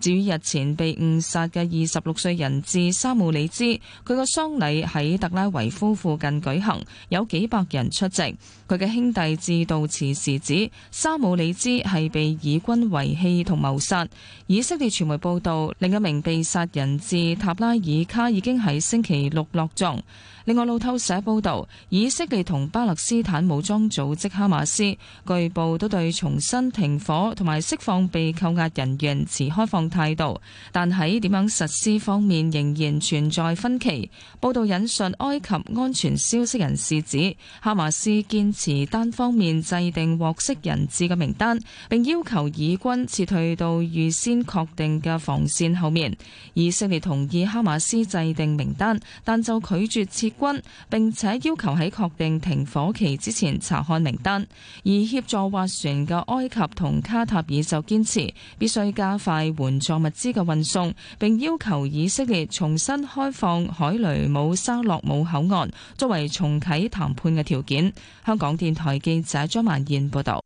至於日前被誤殺嘅二十六歲人質沙姆里茲，佢個喪禮喺特拉維夫附近舉行，有幾百人出席。佢嘅兄弟致悼詞時指沙姆里茲係被以軍遺棄同謀殺。以色列傳媒報道，另一名被殺人質塔拉爾卡已經喺星期六落葬。另外路透社報道，以色列同巴勒斯坦武裝組織哈馬斯據報都對重新停火同埋釋放被扣押人員持開放態度，但喺點樣實施方面仍然存在分歧。報道引述埃及安全消息人士指，哈馬斯堅持單方面制定獲釋人質嘅名單，並要求以軍撤退到預先確定嘅防線後面。以色列同意哈馬斯制定名單，但就拒絕撤軍，並且要求喺確定停火期之前查看名單。而協助斡旋嘅埃及同卡塔爾就堅持必須加快援助物資嘅運送，並要求以色列重新開放海雷姆沙洛姆口岸，作為重啟談判嘅條件。香港電台記者張曼燕報道。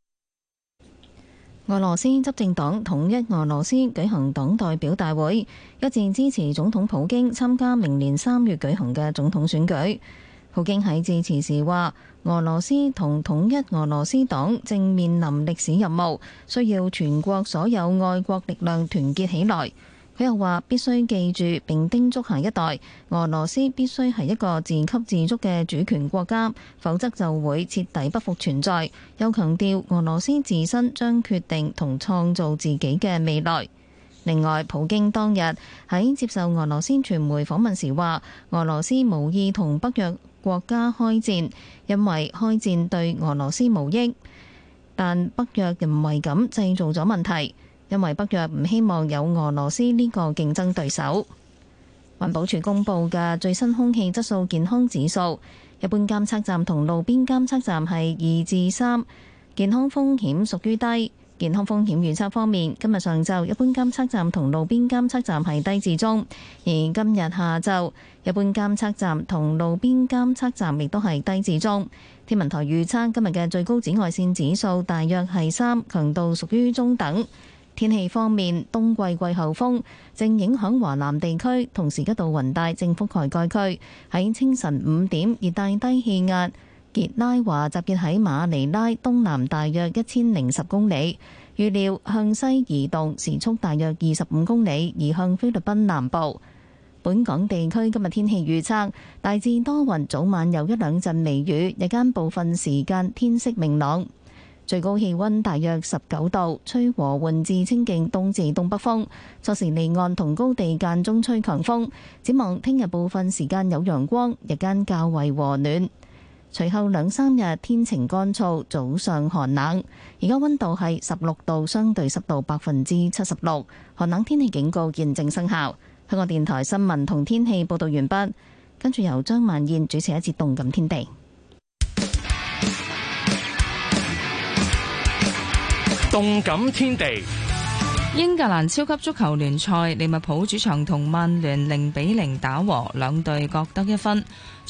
俄羅斯執政黨統一俄羅斯舉行黨代表大會，一致支持總統普京參加明年三月舉行嘅總統選舉。普京喺致辭時話：俄羅斯同統一俄羅斯黨正面臨歷史任務，需要全國所有愛國力量團結起來。佢又話必須記住並叮囑下一代，俄羅斯必須係一個自給自足嘅主權國家，否則就會徹底不復存在。又強調俄羅斯自身將決定同創造自己嘅未來。另外，普京當日喺接受俄羅斯傳媒訪問時話：俄羅斯無意同北約國家開戰，因為開戰對俄羅斯無益，但北約人為咁製造咗問題。因為北約唔希望有俄羅斯呢個競爭對手。環保署公布嘅最新空氣質素健康指數，一般監測站同路邊監測站係二至三，健康風險屬於低。健康風險預測方面，今日上晝一般監測站同路邊監測站係低至中，而今日下晝一般監測站同路邊監測站亦都係低至中。天文台預測今日嘅最高紫外線指數大約係三，強度屬於中等。天氣方面，冬季季候風正影響華南地區，同時一道雲帶正覆蓋該區，喺清晨五點熱帶低氣壓杰拉華集結喺馬尼拉東南大約一千零十公里，預料向西移動時速大約二十五公里，移向菲律賓南部。本港地區今日天氣預測大致多雲，早晚有一兩陣微雨，日間部分時間天色明朗。最高氣溫大約十九度，吹和緩至清勁東至東北風。初時離岸同高地間中吹強風。展望聽日部分時間有陽光，日間較為和暖。隨後兩三日天晴乾燥，早上寒冷。而家溫度係十六度，相對濕度百分之七十六。寒冷天氣警告現正生效。香港電台新聞同天氣報道完畢，跟住由張萬燕主持一次動感天地。動感天地，英格蘭超級足球聯賽，利物浦主場同曼聯零比零打和，兩隊各得一分。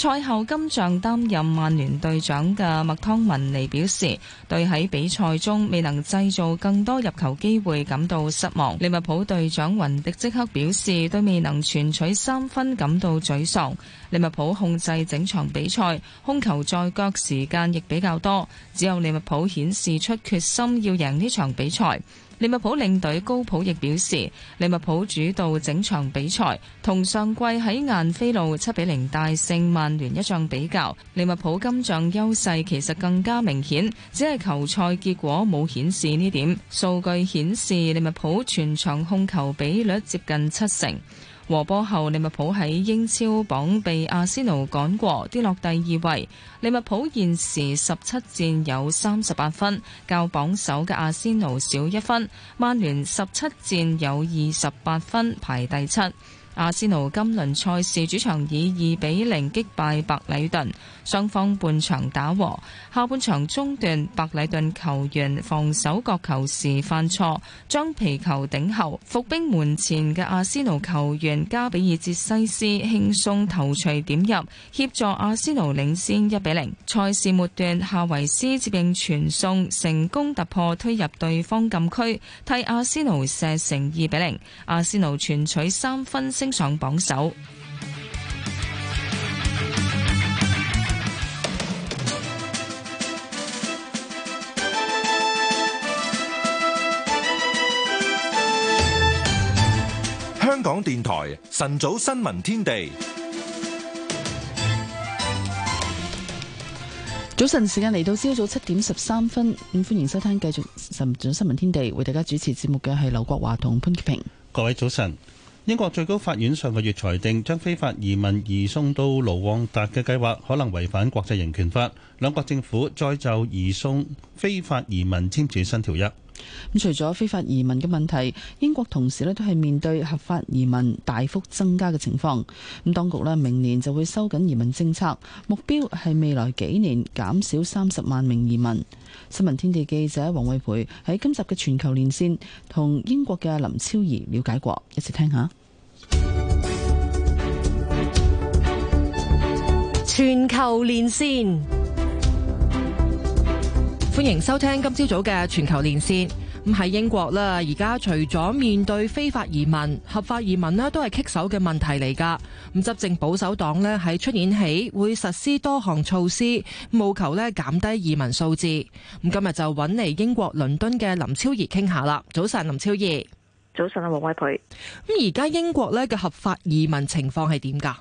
賽後，金像擔任曼聯隊長嘅麥湯文尼表示，對喺比賽中未能製造更多入球機會感到失望。利物浦隊長雲迪即刻表示，對未能全取三分感到沮喪。利物浦控制整場比賽，控球在腳時間亦比較多，只有利物浦顯示出決心要贏呢場比賽。利物浦領隊高普亦表示：利物浦主導整場比賽，同上季喺晏菲路七比零大勝曼聯一仗比較，利物浦今仗優勢其實更加明顯，只係球賽結果冇顯示呢點。數據顯示利物浦全場控球比率接近七成。和波後，利物浦喺英超榜被阿仙奴趕過，跌落第二位。利物浦現時十七戰有三十八分，較榜首嘅阿仙奴少一分。曼聯十七戰有二十八分，排第七。阿仙奴今輪賽事主場以二比零擊敗白里頓，雙方半場打和，下半場中段白里頓球員防守角球時犯錯，將皮球頂後，伏兵門前嘅阿仙奴球員加比爾捷西斯輕鬆頭錘點入，協助阿仙奴領先一比零。賽事末段夏維斯接應傳送成功突破推入對方禁區，替阿仙奴射成二比零，阿仙奴全取三分。升上榜首。香港電台晨早新聞天地，早晨時間嚟到朝早七點十三分，咁歡迎收聽繼續晨早新聞天地，為大家主持節目嘅係劉國華同潘潔平。各位早晨。英國最高法院上個月裁定，將非法移民移送到盧旺達嘅計劃可能違反國際人權法。兩國政府再就移送非法移民簽署新條約。咁除咗非法移民嘅問題，英國同時咧都係面對合法移民大幅增加嘅情況。咁當局咧明年就會收緊移民政策，目標係未來幾年減少三十萬名移民。新聞天地記者王惠培喺今集嘅全球連線同英國嘅林超儀了解過，一齊聽下。全球連線。歡迎收聽今朝早嘅全球連線。咁喺英國啦，而家除咗面對非法移民，合法移民咧都係棘手嘅問題嚟噶。咁執政保守黨呢，喺出年起會實施多項措施，務求咧減低移民數字。咁今日就揾嚟英國倫敦嘅林超儀傾下啦。早晨，林超儀。早晨啊，黃偉培。咁而家英國咧嘅合法移民情況係點噶？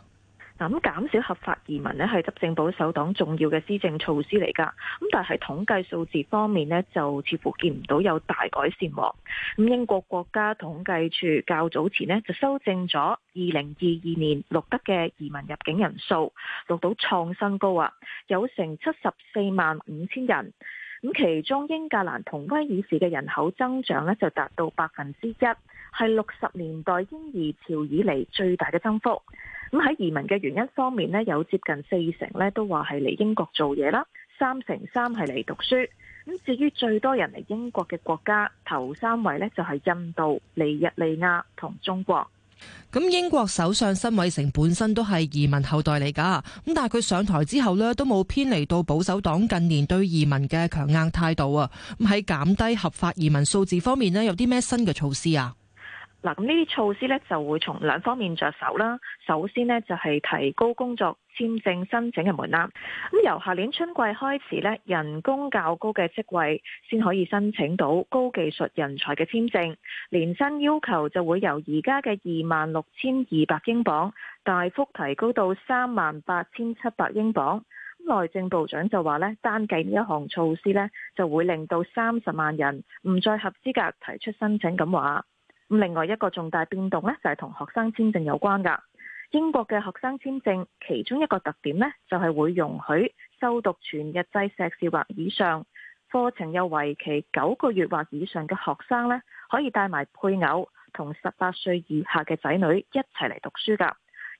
咁減少合法移民呢係執政保守黨重要嘅施政措施嚟㗎，咁但係統計數字方面呢就似乎見唔到有大改善喎。咁英國國家統計處較早前呢就修正咗二零二二年錄得嘅移民入境人數錄到創新高啊，有成七十四萬五千人。咁其中英格蘭同威爾士嘅人口增長呢就達到百分之一，係六十年代嬰兒潮以嚟最大嘅增幅。咁喺移民嘅原因方面咧，有接近四成咧都話係嚟英國做嘢啦，三成三係嚟讀書。咁至於最多人嚟英國嘅國家，頭三位咧就係印度、尼日利亞同中國。咁英國首相辛偉誠本身都係移民後代嚟㗎，咁但係佢上台之後咧都冇偏離到保守黨近年對移民嘅強硬態度啊。咁喺減低合法移民數字方面咧，有啲咩新嘅措施啊？嗱，呢啲措施咧就會從兩方面着手啦。首先呢，就係提高工作簽證申請嘅門檻，咁由下年春季開始咧，人工較高嘅職位先可以申請到高技術人才嘅簽證，年薪要求就會由而家嘅二萬六千二百英鎊大幅提高到三萬八千七百英鎊，內政部長就話咧，單計呢一項措施咧，就會令到三十萬人唔再合資格提出申請，咁話。咁，另外一個重大變動呢，就係、是、同學生簽證有關嘅。英國嘅學生簽證其中一個特點呢，就係、是、會容許修讀全日制碩士或以上課程又為期九個月或以上嘅學生呢，可以帶埋配偶同十八歲以下嘅仔女一齊嚟讀書嘅。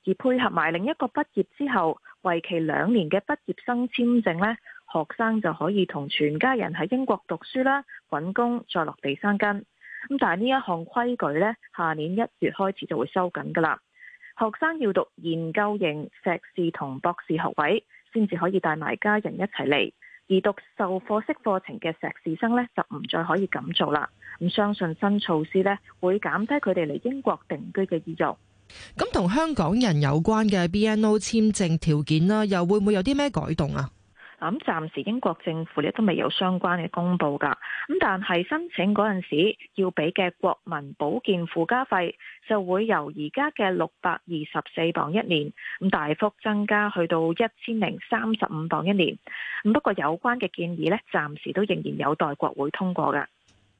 而配合埋另一個畢業之後為期兩年嘅畢業生簽證呢，學生就可以同全家人喺英國讀書啦，揾工再落地生根。咁但係呢一項規矩咧，下年一月開始就會收緊噶啦。學生要讀研究型碩士同博士學位，先至可以帶埋家人一齊嚟；而讀授課式課程嘅碩士生咧，就唔再可以咁做啦。咁相信新措施咧，會減低佢哋嚟英國定居嘅意欲。咁同香港人有關嘅 BNO 簽證條件啦，又會唔會有啲咩改動啊？咁暫時英國政府呢都未有相關嘅公佈㗎，咁但係申請嗰陣時要俾嘅國民保健附加費就會由而家嘅六百二十四磅一年咁大幅增加去到一千零三十五磅一年，咁不過有關嘅建議呢暫時都仍然有待國會通過㗎。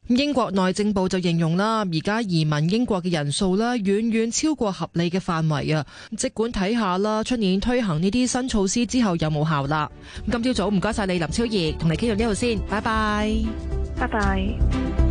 英國內政部就形容啦，而家移民英國嘅人數咧，遠遠超過合理嘅範圍啊！即管睇下啦，出年推行呢啲新措施之後有冇效啦？咁今朝早唔該晒你，林超儀，同你傾到呢度先，拜拜，拜拜。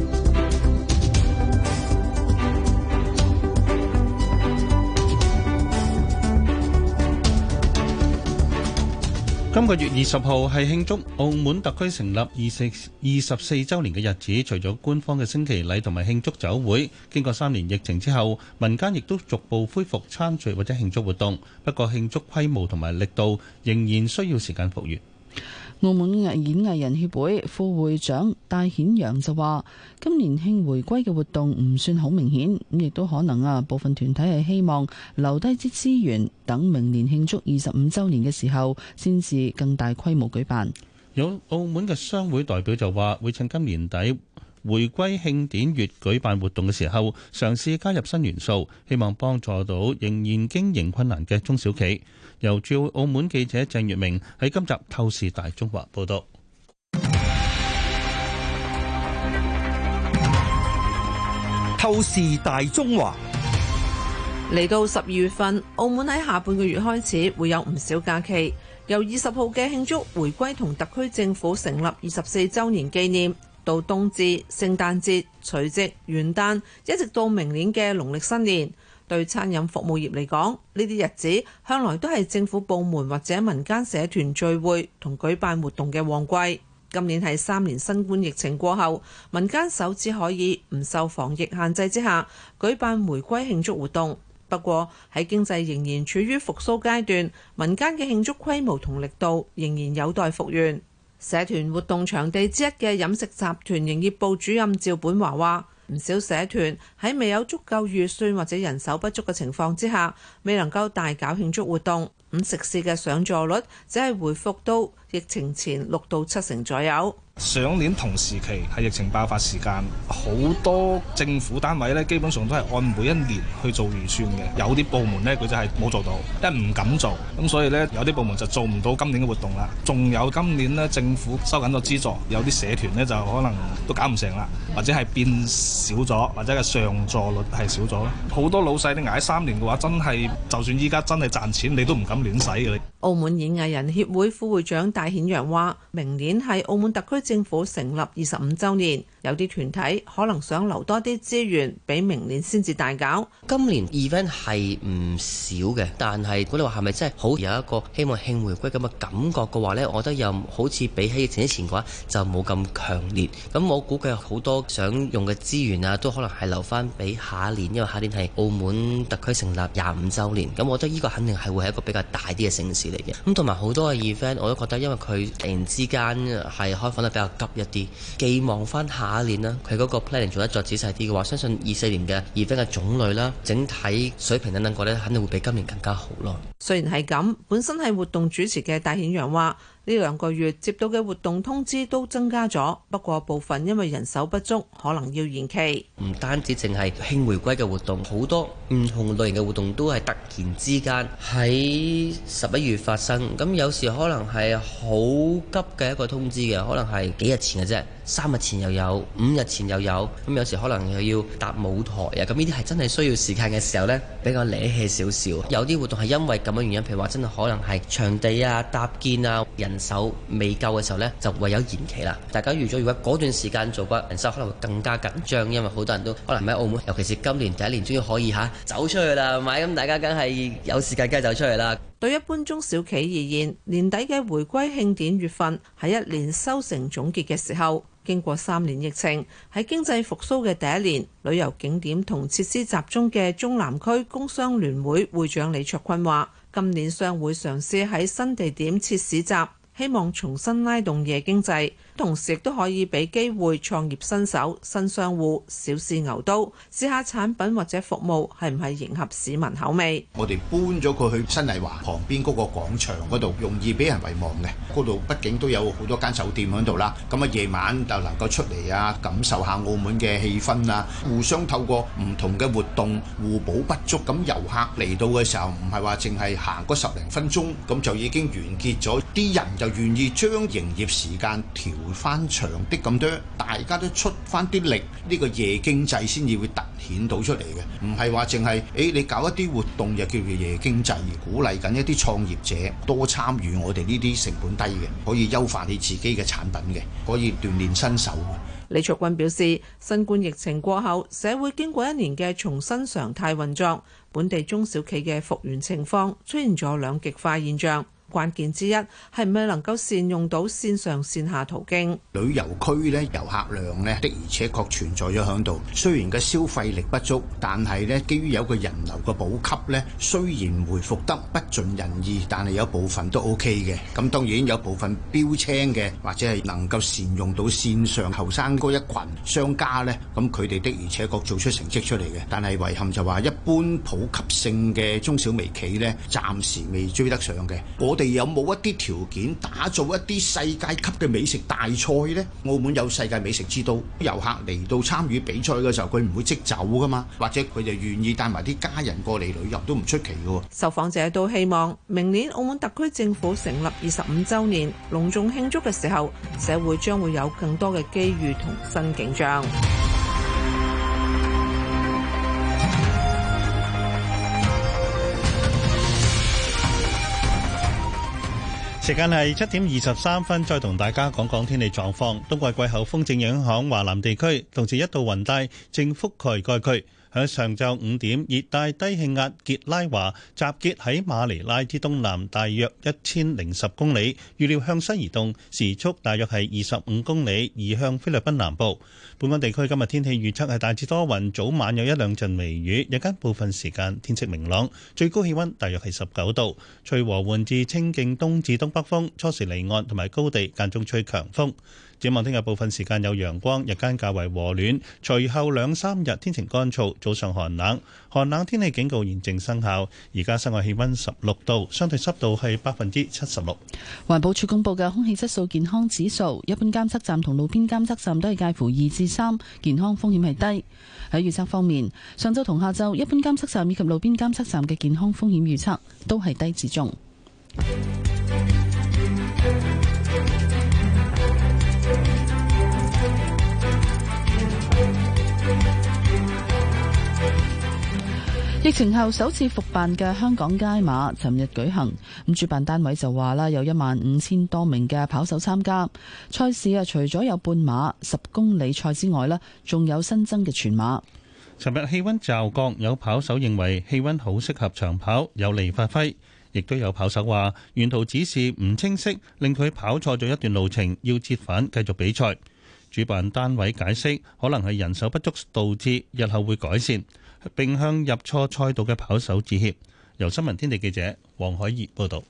今個月二十號係慶祝澳門特區成立二十二十四周年嘅日子，除咗官方嘅升旗禮同埋慶祝酒會，經過三年疫情之後，民間亦都逐步恢復餐聚或者慶祝活動。不過慶祝規模同埋力度仍然需要時間復原。澳門藝演藝人協會副會長戴顯陽就話：今年慶回歸嘅活動唔算好明顯，咁亦都可能啊，部分團體係希望留低啲資源，等明年慶祝二十五周年嘅時候，先至更大規模舉辦。有澳門嘅商會代表就話：會趁今年底。回歸慶典月舉辦活動嘅時候，嘗試加入新元素，希望幫助到仍然經營困難嘅中小企。由駐澳門記者鄭月明喺今集透視大中華報道。透視大中華。嚟到十二月份，澳門喺下半個月開始會有唔少假期，由二十號嘅慶祝回歸同特區政府成立二十四周年紀念，到冬至、聖誕節、除夕、元旦，一直到明年嘅農曆新年，對餐飲服務業嚟講，呢啲日子向來都係政府部門或者民間社團聚會同舉辦活動嘅旺季。今年係三年新冠疫情過後，民間首次可以唔受防疫限制之下舉辦回歸慶祝活動。不過喺經濟仍然處於復甦階段，民間嘅慶祝規模同力度仍然有待復原。社團活動場地之一嘅飲食集團營業部主任趙本華話：唔少社團喺未有足夠預算或者人手不足嘅情況之下，未能夠大搞慶祝活動。咁食肆嘅上座率只係回復到疫情前六到七成左右。上年同時期係疫情爆發時間，好多政府單位呢基本上都係按每一年去做預算嘅，有啲部門呢，佢就係冇做到，因為唔敢做，咁所以呢，有啲部門就做唔到今年嘅活動啦。仲有今年呢，政府收緊咗資助，有啲社團呢就可能都搞唔成啦，或者係變少咗，或者係上座率係少咗。好多老細你捱三年嘅話，真係就算依家真係賺錢，你都唔敢亂使嘅。澳門演藝人協會副會長戴顯揚話，明年係澳門特區政府成立二十五周年，有啲團體可能想留多啲資源，俾明年先至大搞。今年 event 係唔少嘅，但係我哋話係咪真係好有一個希望慶回歸咁嘅感覺嘅話呢，我覺得又好似比起疫情之前嘅話就冇咁強烈。咁我估計好多想用嘅資源啊，都可能係留翻俾下一年，因為下年係澳門特區成立廿五周年。咁我覺得呢個肯定係會係一個比較大啲嘅盛事。嚟嘅咁，同埋好多嘅 event，我都覺得因為佢突然之間係開放得比較急一啲，寄望翻下一年啦，佢嗰個 planning 做得再仔細啲嘅話，相信二四年嘅 event 嘅種類啦、整體水平等等嗰啲，肯定會比今年更加好咯。雖然係咁，本身係活動主持嘅戴慶陽話。呢兩個月接到嘅活動通知都增加咗，不過部分因為人手不足，可能要延期。唔單止淨係慶回歸嘅活動，好多唔同類型嘅活動都係突然之間喺十一月發生。咁有時可能係好急嘅一個通知嘅，可能係幾日前嘅啫。三日前又有，五日前又有，咁、嗯、有時可能又要搭舞台啊！咁呢啲係真係需要時間嘅時候呢，比較瀨氣少少。有啲活動係因為咁嘅原因，譬如話真係可能係場地啊、搭建啊、人手未夠嘅時候呢，就唯有延期啦。大家預咗如果嗰段時間做不，人手可能會更加緊張，因為好多人都可能唔喺澳門，尤其是今年第一年終於可以嚇、啊、走出去啦，咪咁、嗯、大家梗係有時間梗係走出去啦。對一般中小企而言，年底嘅回歸慶典月份係一年收成總結嘅時候。經過三年疫情，喺經濟復甦嘅第一年，旅遊景點同設施集中嘅中南區工商聯會會長李卓坤話：今年商會嘗試喺新地點設市集，希望重新拉動夜經濟。同時亦都可以俾機會創業新手、新商戶，小試牛刀，試下產品或者服務係唔係迎合市民口味。我哋搬咗佢去新麗華旁邊嗰個廣場嗰度，容易俾人遺忘嘅。嗰度畢竟都有好多間酒店喺度啦，咁啊夜晚就能夠出嚟啊，感受下澳門嘅氣氛啊。互相透過唔同嘅活動互補不足，咁遊客嚟到嘅時候唔係話淨係行嗰十零分鐘，咁就已經完結咗。啲人就願意將營業時間調。翻場啲咁多，大家都出翻啲力，呢個夜經濟先至會凸顯到出嚟嘅，唔係話淨係誒你搞一啲活動嘅，叫做夜經濟，而鼓勵緊一啲創業者多參與我哋呢啲成本低嘅，可以優化你自己嘅產品嘅，可以鍛鍊新手。李卓君表示，新冠疫情過後，社會經過一年嘅重新常態運作，本地中小企嘅復原情況出現咗兩極化現象。關鍵之一係唔係能夠善用到線上線下途徑？旅遊區呢遊客量呢的而且確存在咗響度。雖然個消費力不足，但係呢基於有個人流嘅補給呢，雖然回復得不盡人意，但係有部分都 OK 嘅。咁當然有部分標青嘅或者係能夠善用到線上後生哥一群商家呢。咁佢哋的而且確做出成績出嚟嘅。但係遺憾就話一般普及性嘅中小微企呢，暫時未追得上嘅。哋有冇一啲條件打造一啲世界級嘅美食大賽呢？澳門有世界美食之都，遊客嚟到參與比賽嘅時候，佢唔會即走噶嘛，或者佢就願意帶埋啲家人過嚟旅遊都唔出奇嘅。受訪者都希望明年澳門特區政府成立二十五週年隆重慶祝嘅時候，社會將會有更多嘅機遇同新景象。時間係七點二十三分，再同大家講講天氣狀況。冬季季候風正影響華南地區，同時一道雲帶正覆蓋該區。喺上晝五點，熱帶低氣壓傑拉華集結喺馬尼拉之東南，大約一千零十公里，預料向西移動，時速大約係二十五公里，移向菲律賓南部。本港地區今日天氣預測係大致多雲，早晚有一兩陣微雨，日間部分時間天色明朗，最高氣温大約係十九度，吹和緩至清勁東至東北風，初時離岸同埋高地間中吹強風。展望聽日部分時間有陽光，日間較為和暖。隨後兩三日天晴乾燥，早上寒冷，寒冷天氣警告現正生效。而家室外氣温十六度，相對濕度係百分之七十六。環保署公布嘅空氣質素健康指數，一般監測站同路邊監測站都係介乎二至三，健康風險係低。喺預測方面，上晝同下晝一般監測站以及路邊監測站嘅健康風險預測都係低至中。 疫情後首次復辦嘅香港街馬，尋日舉行。咁主辦單位就話啦，有一萬五千多名嘅跑手參加賽事啊。除咗有半馬、十公里賽之外，呢仲有新增嘅全馬。尋日氣溫驟降，有跑手認為氣溫好適合長跑，有利發揮。亦都有跑手話，沿途指示唔清晰，令佢跑錯咗一段路程，要折返繼續比賽。主辦單位解釋，可能係人手不足導致，日後會改善。並向入錯賽道嘅跑手致歉。由新聞天地記者黃海怡報道。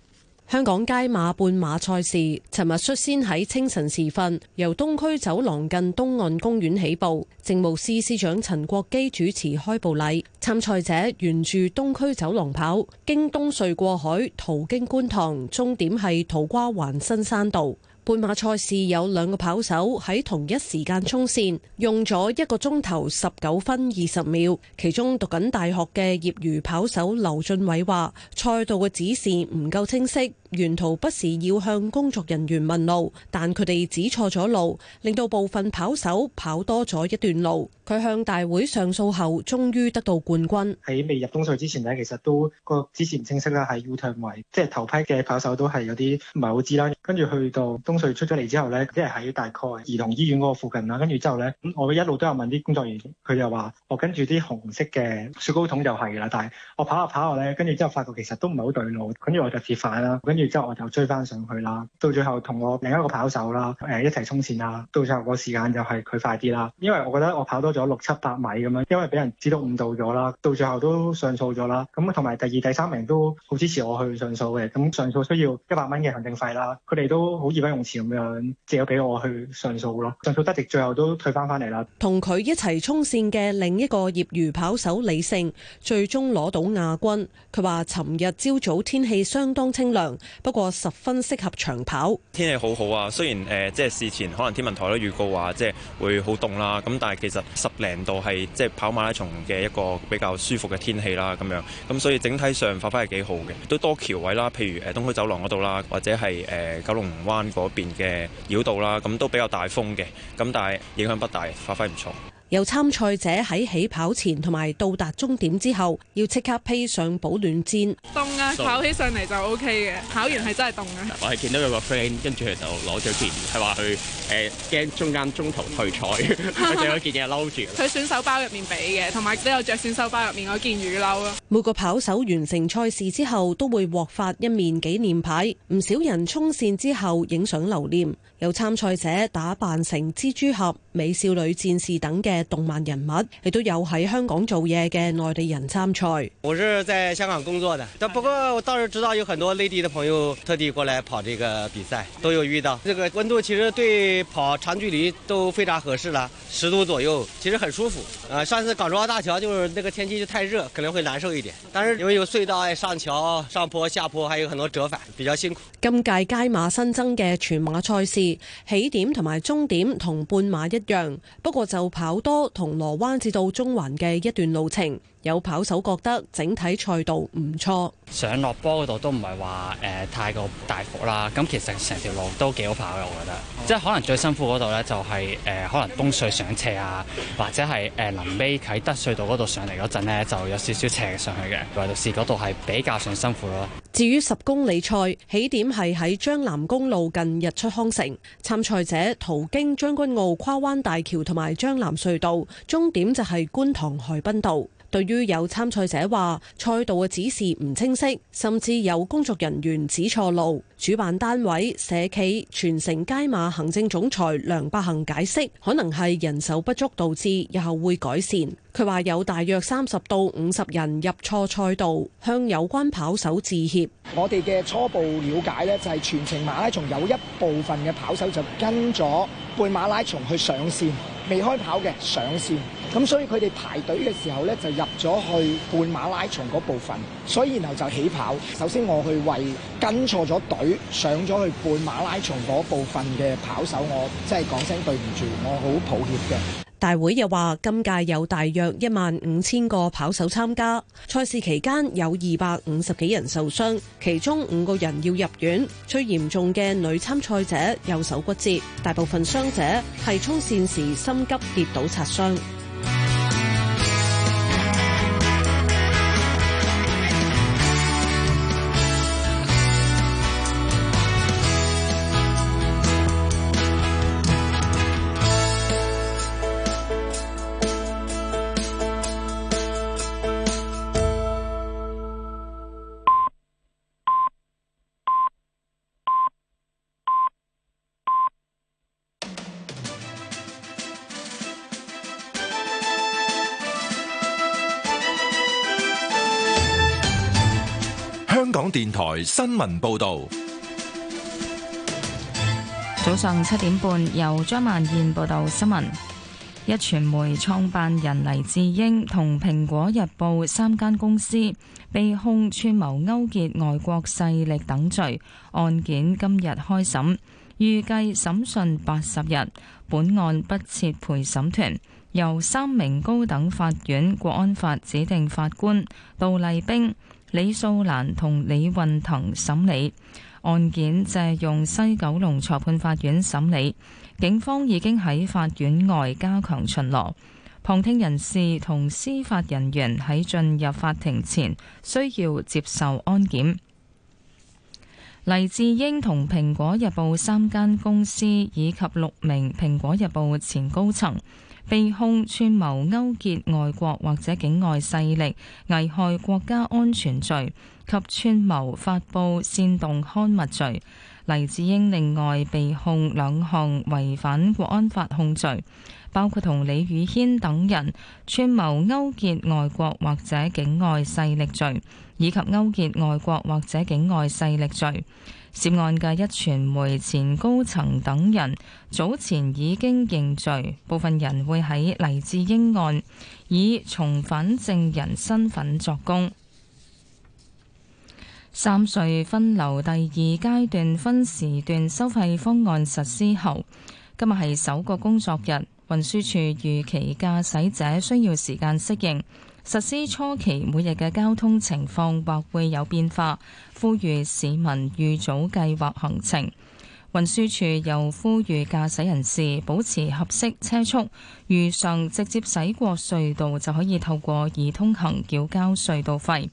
香港街馬半馬賽事尋日率先喺清晨時分，由東區走廊近東岸公園起步，政務司司長陳國基主持開步禮。參賽者沿住東區走廊跑，經東隧過海，途經觀塘，終點係土瓜灣新山道。半馬賽事有兩個跑手喺同一時間衝線，用咗一個鐘頭十九分二十秒。其中讀緊大學嘅業餘跑手劉俊偉話，賽道嘅指示唔夠清晰。沿途不時要向工作人員問路，但佢哋指錯咗路，令到部分跑手跑多咗一段路。佢向大會上訴後，終於得到冠軍。喺未入東隧之前呢，其實都個資訊唔清晰啦，係 U turn 位，即係頭批嘅跑手都係有啲唔係好知啦。跟住去到東隧出咗嚟之後呢，即係喺大概兒童醫院嗰個附近啦。跟住之後咧，我一路都有問啲工作人員，佢又話我跟住啲紅色嘅雪糕桶就係㗎啦。但係我跑下跑下咧，跟住之後發覺其實都唔係好對路，跟住我就折返啦。跟跟住之後我就追翻上去啦，到最後同我另一個跑手啦，誒一齊衝線啦。到最後個時間就係佢快啲啦，因為我覺得我跑多咗六七百米咁樣，因為俾人指到誤導咗啦，到最後都上訴咗啦。咁同埋第二、第三名都好支持我去上訴嘅，咁上訴需要一百蚊嘅行政費啦，佢哋都好義不容辭咁樣借咗俾我去上訴咯。上訴得直，最後都退翻翻嚟啦。同佢一齊衝線嘅另一個業餘跑手李勝，最終攞到亞軍。佢話：尋日朝早天氣相當清涼。不過十分適合長跑，天氣好好啊！雖然誒、呃，即係事前可能天文台都預告話，即係會好凍啦，咁但係其實十零度係即係跑馬拉松嘅一個比較舒服嘅天氣啦，咁樣，咁所以整體上發揮係幾好嘅，都多橋位啦，譬如誒東區走廊嗰度啦，或者係誒、呃、九龍灣嗰邊嘅繞道啦，咁都比較大風嘅，咁但係影響不大，發揮唔錯。有參賽者喺起跑前同埋到達終點之後，要即刻披上保暖氈。凍啊，跑起上嚟就 O K 嘅，跑完係真係凍嘅。我係見到有個 friend，跟住佢，就攞咗件，係話佢誒驚中間中途退賽，佢攞 件嘢攆住。佢選手包入面俾嘅，同埋都有着選手包入面嗰件雨褸咯。每個跑手完成賽事之後，都會獲發一面紀念牌。唔少人衝線之後影相留念。有參賽者打扮成蜘蛛俠、美少女戰士等嘅動漫人物，亦都有喺香港做嘢嘅內地人參賽。我是在香港工作的，但不過我倒是知道有很多內地的朋友特地過來跑這個比賽，都有遇到。這個溫度其實對跑長距離都非常合適啦，十度左右，其實很舒服。啊，上次港珠澳大橋就是那個天氣就太熱，可能會難受一點。但是因為有隧道、上橋、上坡、下坡，還有很多折返，比較辛苦。今屆街馬新增嘅全馬賽事。起點同埋終點同半馬一樣，不過就跑多銅鑼灣至到中環嘅一段路程。有跑手覺得整體賽道唔錯，上落坡嗰度都唔係話誒太過大幅啦。咁其實成條路都幾好跑嘅，我覺得。即係可能最辛苦嗰度呢，就係誒可能東隧上斜啊，或者係誒臨尾啟德隧道嗰度上嚟嗰陣咧，就有少少斜上去嘅，唯獨是嗰度係比較上辛苦咯。至於十公里賽，起點係喺將南公路近日出康城，參賽者途經將軍澳跨灣大橋同埋將南隧道，終點就係觀塘海濱道。對於有參賽者話賽道嘅指示唔清晰，甚至有工作人員指錯路。主辦單位社企全城街馬行政總裁梁百行解釋，可能係人手不足導致，以後會改善。佢話有大約三十到五十人入錯賽道，向有關跑手致歉。我哋嘅初步了解呢，就係全程馬拉松有一部分嘅跑手就跟咗半馬拉松去上線。未開跑嘅上線，咁所以佢哋排隊嘅時候呢，就入咗去半馬拉松嗰部分，所以然後就起跑。首先我去為跟錯咗隊上咗去半馬拉松嗰部分嘅跑手，我即係講聲對唔住，我好抱歉嘅。大會又話，今屆有大約一萬五千個跑手參加，賽事期間，有二百五十幾人受傷，其中五個人要入院。最嚴重嘅女參賽者右手骨折，大部分傷者係衝綫時心急，急跌倒擦傷。台新聞報道，早上七點半由張萬燕報道新聞。一傳媒創辦人黎智英同蘋果日報三間公司被控串謀勾結外國勢力等罪，案件今日開審，預計審訊八十日。本案不設陪審團，由三名高等法院國安法指定法官杜麗冰、李素蘭同李運騰審理案件，借用西九龍裁判法院審理。警方已經喺法院外加強巡邏，旁聽人士同司法人員喺進入法庭前需要接受安檢。黎智英同《蘋果日報》三間公司以及六名《蘋果日報》前高層，被控串謀勾結外國或者境外勢力危害國家安全罪及串謀發布煽動刊物罪，黎智英另外被控兩項違反國安法控罪，包括同李宇軒等人串謀勾結外國或者境外勢力罪，以及勾結外國或者境外勢力罪。涉案嘅壹傳媒前高層等人早前已經認罪，部分人會喺黎智英案以從犯證人身份作供。三隧分流第二階段，段分時段收費方案實施後，今日係首個工作日，運輸處預期駕駛者需要時間適應。實施初期每日嘅交通情況或會有變化，呼籲市民預早計劃行程。運輸署又呼籲駕駛人士保持合適車速，遇上直接駛過隧道就可以透過易通行繳交隧道費。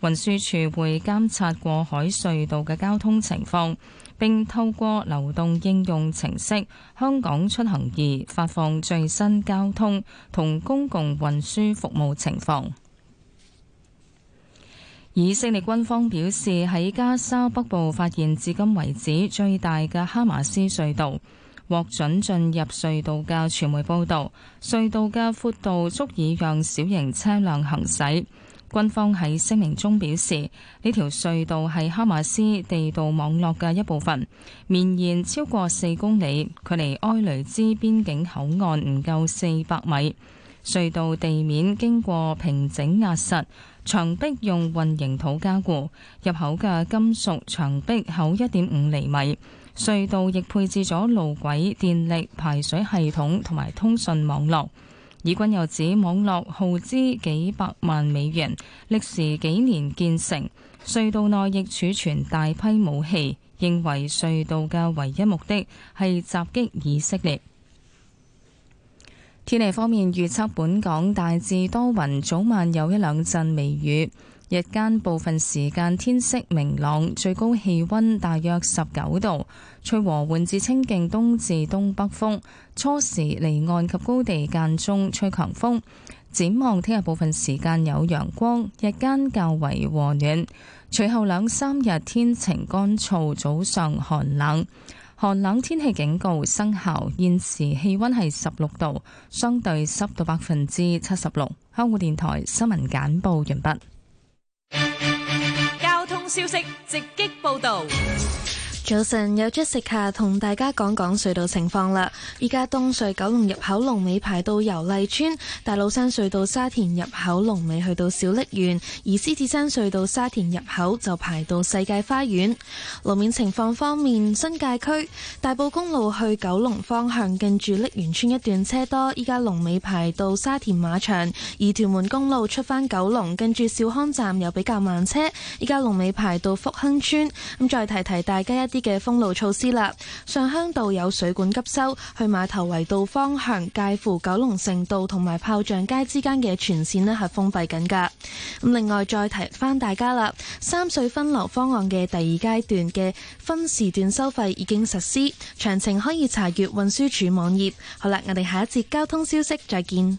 運輸署會監察過海隧道嘅交通情況，並透過流動應用程式《香港出行易》發放最新交通同公共運輸服務情況。以色列軍方表示喺加沙北部發現至今為止最大嘅哈馬斯隧道，獲准進入隧道嘅傳媒報道，隧道嘅闊度足以讓小型車輛行駛。軍方喺聲明中表示，呢條隧道係哈馬斯地道網絡嘅一部分，綿延超過四公里，距離埃雷茲邊境口岸唔夠四百米。隧道地面經過平整壓實，牆壁用混凝土加固，入口嘅金屬牆壁厚一點五厘米。隧道亦配置咗路軌、電力、排水系統同埋通訊網絡。以軍又指網絡耗資幾百萬美元，歷時幾年建成。隧道內亦儲存大批武器，認為隧道嘅唯一目的係襲擊以色列。天氣方面預測，本港大致多雲，早晚有一兩陣微雨。日間部分時間天色明朗，最高氣溫大約十九度，吹和緩至清勁東至東北風。初時離岸及高地間中吹強風。展望聽日部分時間有陽光，日間較為和暖。隨後兩三日天晴乾燥，早上寒冷。寒冷天氣警告生效。現時氣溫係十六度，相對濕度百分之七十六。香港電台新聞簡報完畢。交通消息直擊報道。早晨，有 Jessica 同大家講講隧道情況啦。依家東隧九龍入口龍尾排到油麗邨，大老山隧道沙田入口龍尾去到小瀝源，而獅子山隧道沙田入口就排到世界花園。路面情況方面，新界區大埔公路去九龍方向近住瀝源邨一段車多，依家龍尾排到沙田馬場。而屯門公路出翻九龍近住兆康站又比較慢車，依家龍尾排到福亨村。咁再提提大家一啲。嘅封路措施啦，上鄉道有水管急修去馬頭圍道方向介乎九龍城道同埋炮仗街之間嘅全線呢，係封閉緊噶。咁另外再提翻大家啦，三水分流方案嘅第二階段嘅分時段收費已經實施，詳情可以查閱運輸署網頁。好啦，我哋下一節交通消息再見。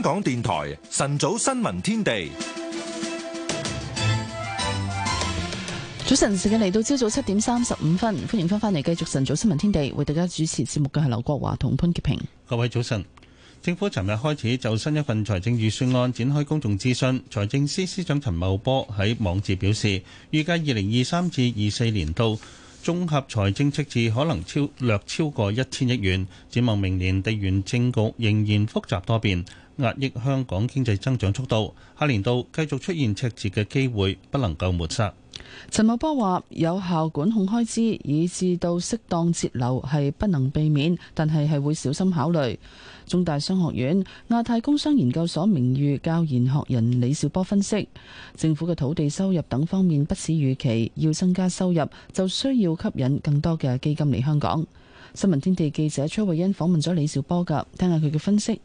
香港電台晨早新聞天地，早晨時間嚟到朝早七點三十五分，歡迎翻返嚟繼續晨早新聞天地，為大家主持節目嘅係劉國華同潘潔平。各位早晨，政府尋日開始就新一份財政預算案展開公眾諮詢。財政司司長陳茂波喺網誌表示，預計二零二三至二四年度綜合財政赤字可能超略超過一千億元，展望明年地緣政局仍然複雜多變。壓抑香港經濟增長速度，下年度繼續出現赤字嘅機會不能夠抹殺。陳茂波話：有效管控開支，以至到適當節流係不能避免，但係係會小心考慮。中大商學院、亞太工商研究所名譽教研學人李兆波分析，政府嘅土地收入等方面不似預期，要增加收入就需要吸引更多嘅基金嚟香港。新聞天地記者崔慧欣訪問咗李兆波㗎，聽下佢嘅分析。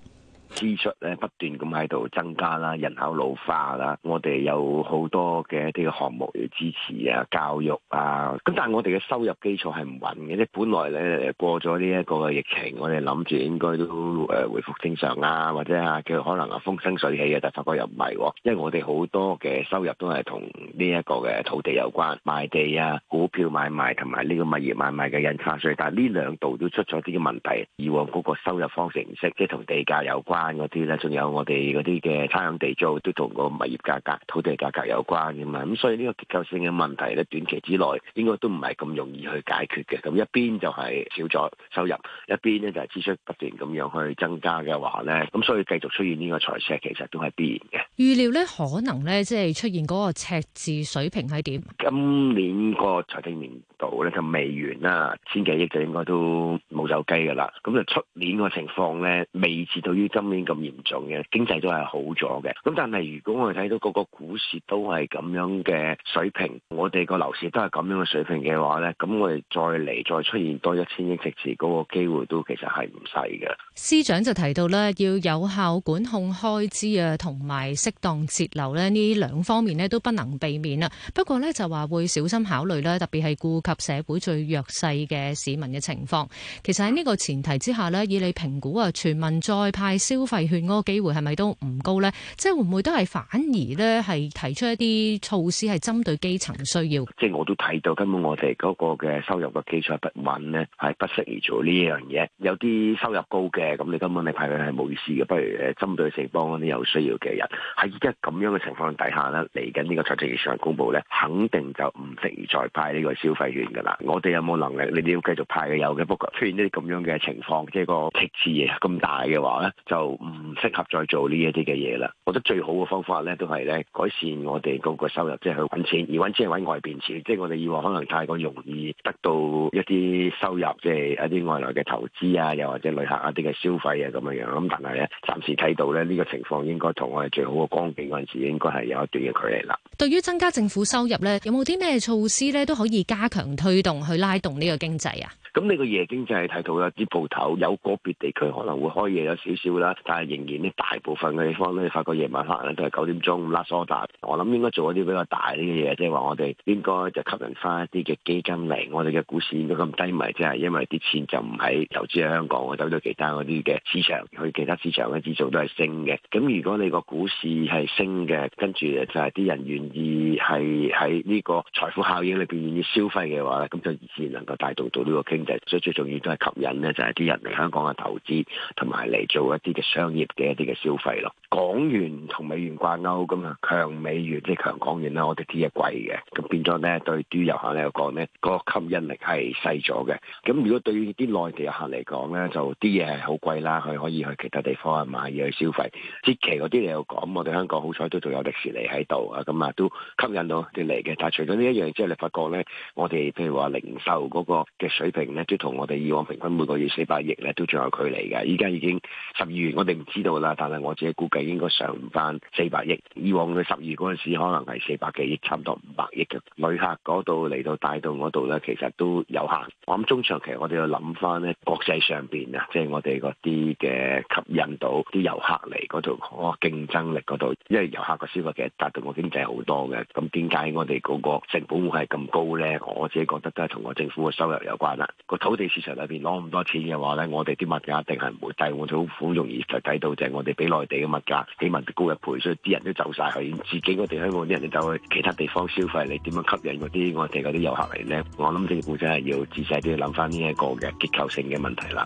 支出咧，不斷咁喺度增加啦，人口老化啦，我哋有好多嘅一啲嘅項目要支持啊，教育啊，咁但係我哋嘅收入基礎係唔穩嘅，即係本來咧，過咗呢一個疫情，我哋諗住應該都誒回復正常啊，或者啊嘅可能啊風生水起嘅，但係發覺又唔係，因為我哋好多嘅收入都係同呢一個嘅土地有關，賣地啊、股票買賣同埋呢個物業買賣嘅印花稅，但係呢兩度都出咗啲問題，以往嗰個收入方程式識即係同地價有關。班嗰啲咧，仲有我哋嗰啲嘅差餉地租都同個物業價格、土地價格有關噶嘛，咁所以呢個結構性嘅問題咧，短期之內應該都唔係咁容易去解決嘅。咁一邊就係少咗收入，一邊咧就係支出不斷咁樣去增加嘅話咧，咁所以繼續出現呢個財赤，其實都係必然嘅。預料咧，可能咧，即係出現嗰個赤字水平係點？今年個財政面。度咧就未完啦，千幾億就應該都冇走雞噶啦。咁就出年個情況咧，未至到於今年咁嚴重嘅經濟都係好咗嘅。咁但係如果我哋睇到嗰個股市都係咁樣嘅水平，我哋個樓市都係咁樣嘅水平嘅話咧，咁我哋再嚟再出現多一千億赤字嗰個機會都其實，係唔細嘅。司長就提到咧，要有效管控開支啊，同埋適當節流咧，呢兩方面咧都不能避免啊。不過咧就話會小心考慮啦，特別係顧及。社會最弱勢嘅市民嘅情況，其實喺呢個前提之下呢，以你評估啊，全民再派消費券嗰個機會係咪都唔高呢？即係會唔會都係反而呢，係提出一啲措施係針對基層需要？即係我都睇到根本我哋嗰個嘅收入嘅基礎不穩呢，係不適宜做呢樣嘢。有啲收入高嘅，咁你根本你派佢係冇意思嘅。不如誒，針對四方嗰啲有需要嘅人，喺而家咁樣嘅情況底下呢，嚟緊呢個財政預算公布呢，肯定就唔適宜再派呢個消費。嘅啦，我哋有冇能力？你哋要繼續派嘅有嘅，不過出現呢啲咁樣嘅情況，即係個赤字嘢咁大嘅話咧，就唔適合再做呢一啲嘅嘢啦。我覺得最好嘅方法咧，都係咧改善我哋嗰個收入，即係去揾錢，而揾錢係揾外邊錢。即係我哋以往可能太過容易得到一啲收入，即係一啲外來嘅投資啊，又或者旅客一啲嘅消費啊咁樣樣。咁但係咧，暫時睇到咧呢個情況，應該同我哋最好嘅光景嗰陣時，應該係有一段嘅距離啦。對於增加政府收入咧，有冇啲咩措施咧都可以加強？推動去拉動呢個經濟啊！咁你個夜經濟睇到有啲鋪頭，有個別地區可能會開夜有少少啦，但係仍然呢，大部分嘅地方咧，發覺夜晚黑咧都係九點鐘咁啦 last order, 我諗應該做一啲比較大啲嘅嘢，即係話我哋應該就吸引翻一啲嘅基金嚟。我哋嘅股市應該咁低迷，即係因為啲錢就唔係投資喺香港，我走咗其他嗰啲嘅市場，去其他市場咧指數都係升嘅。咁如果你個股市係升嘅，跟住就係啲人願意係喺呢個財富效應裏邊願意消費。嘅話咧，咁 就自然能夠帶動到呢個經濟。所以最重要都係吸引咧，就係啲人嚟香港嘅投資，同埋嚟做一啲嘅商業嘅一啲嘅消費咯。港元同美元掛鈎，咁啊強美元即係強港元啦。我哋啲嘢貴嘅，咁變咗咧對啲遊客嚟講咧，個吸引力係細咗嘅。咁如果對於啲內地遊客嚟講咧，就啲嘢係好貴啦，佢可以去其他地方啊買嘢去消費。即期嗰啲嚟講，我哋香港好彩都仲有迪士尼喺度啊，咁啊都吸引到啲嚟嘅。但係除咗呢一樣之後，你發覺咧，我哋譬如話零售嗰個嘅水平咧，都同我哋以往平均每個月四百億咧，都仲有距離嘅。依家已經十二月，我哋唔知道啦，但係我自己估計應該上唔翻四百億。以往嘅十二嗰陣時，可能係四百幾億，差唔多五百億嘅旅客嗰度嚟到帶動嗰度咧，其實都有限。我諗中長期我哋要諗翻咧，國際上邊啊，即係我哋嗰啲嘅吸引到啲遊客嚟嗰度，嗰個競爭力嗰度，因為遊客個消費其實帶動我經濟好多嘅。咁點解我哋嗰個成本會係咁高咧？我自己覺得都係同個政府嘅收入有關啦。個土地市場裏邊攞咁多錢嘅話咧，我哋啲物價一定係唔會低，我哋好容易就睇到就係我哋比內地嘅物價起碼高一倍，所以啲人都走晒去，自己個地香港啲人，走，人走去其他地方消費，你點樣吸引嗰啲外地嗰啲遊客嚟咧？我諗政府真係要仔細啲諗翻呢一個嘅結構性嘅問題啦。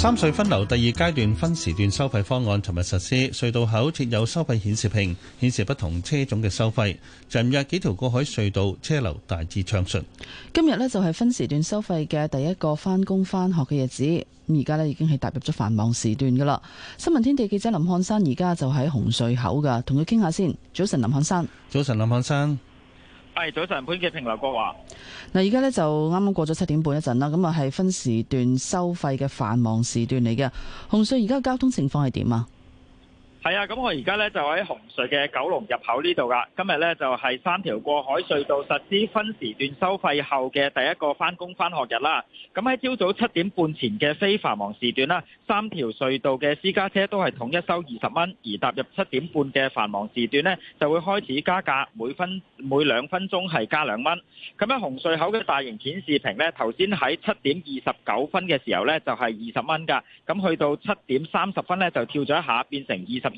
三隧分流第二階段分時段收費方案尋日實施，隧道口設有收費顯示屏，顯示不同車種嘅收費。尋日幾條過海隧道車流大致暢順。今日呢，就係分時段收費嘅第一個翻工翻學嘅日子，咁而家呢，已經係踏入咗繁忙時段噶啦。新聞天地記者林漢山而家就喺紅隧口噶，同佢傾下先。早晨，林漢山。早晨，林漢山。係，早晨，潘潔平、劉國華。嗱，而家咧就啱啱過咗七點半一陣啦，咁啊係分時段收費嘅繁忙時段嚟嘅。紅隧而家嘅交通情況係點啊？係啊，咁我而家咧就喺紅隧嘅九龍入口呢度噶。今日咧就係三條過海隧道實施分時段收費後嘅第一個翻工翻學日啦。咁喺朝早七點半前嘅非繁忙時段啦，三條隧道嘅私家車都係統一收二十蚊。而踏入七點半嘅繁忙時段呢，就會開始加價，每分每兩分鐘係加兩蚊。咁喺紅隧口嘅大型顯示屏呢，頭先喺七點二十九分嘅時候呢，就係二十蚊噶。咁去到七點三十分呢，就跳咗一下，變成二十。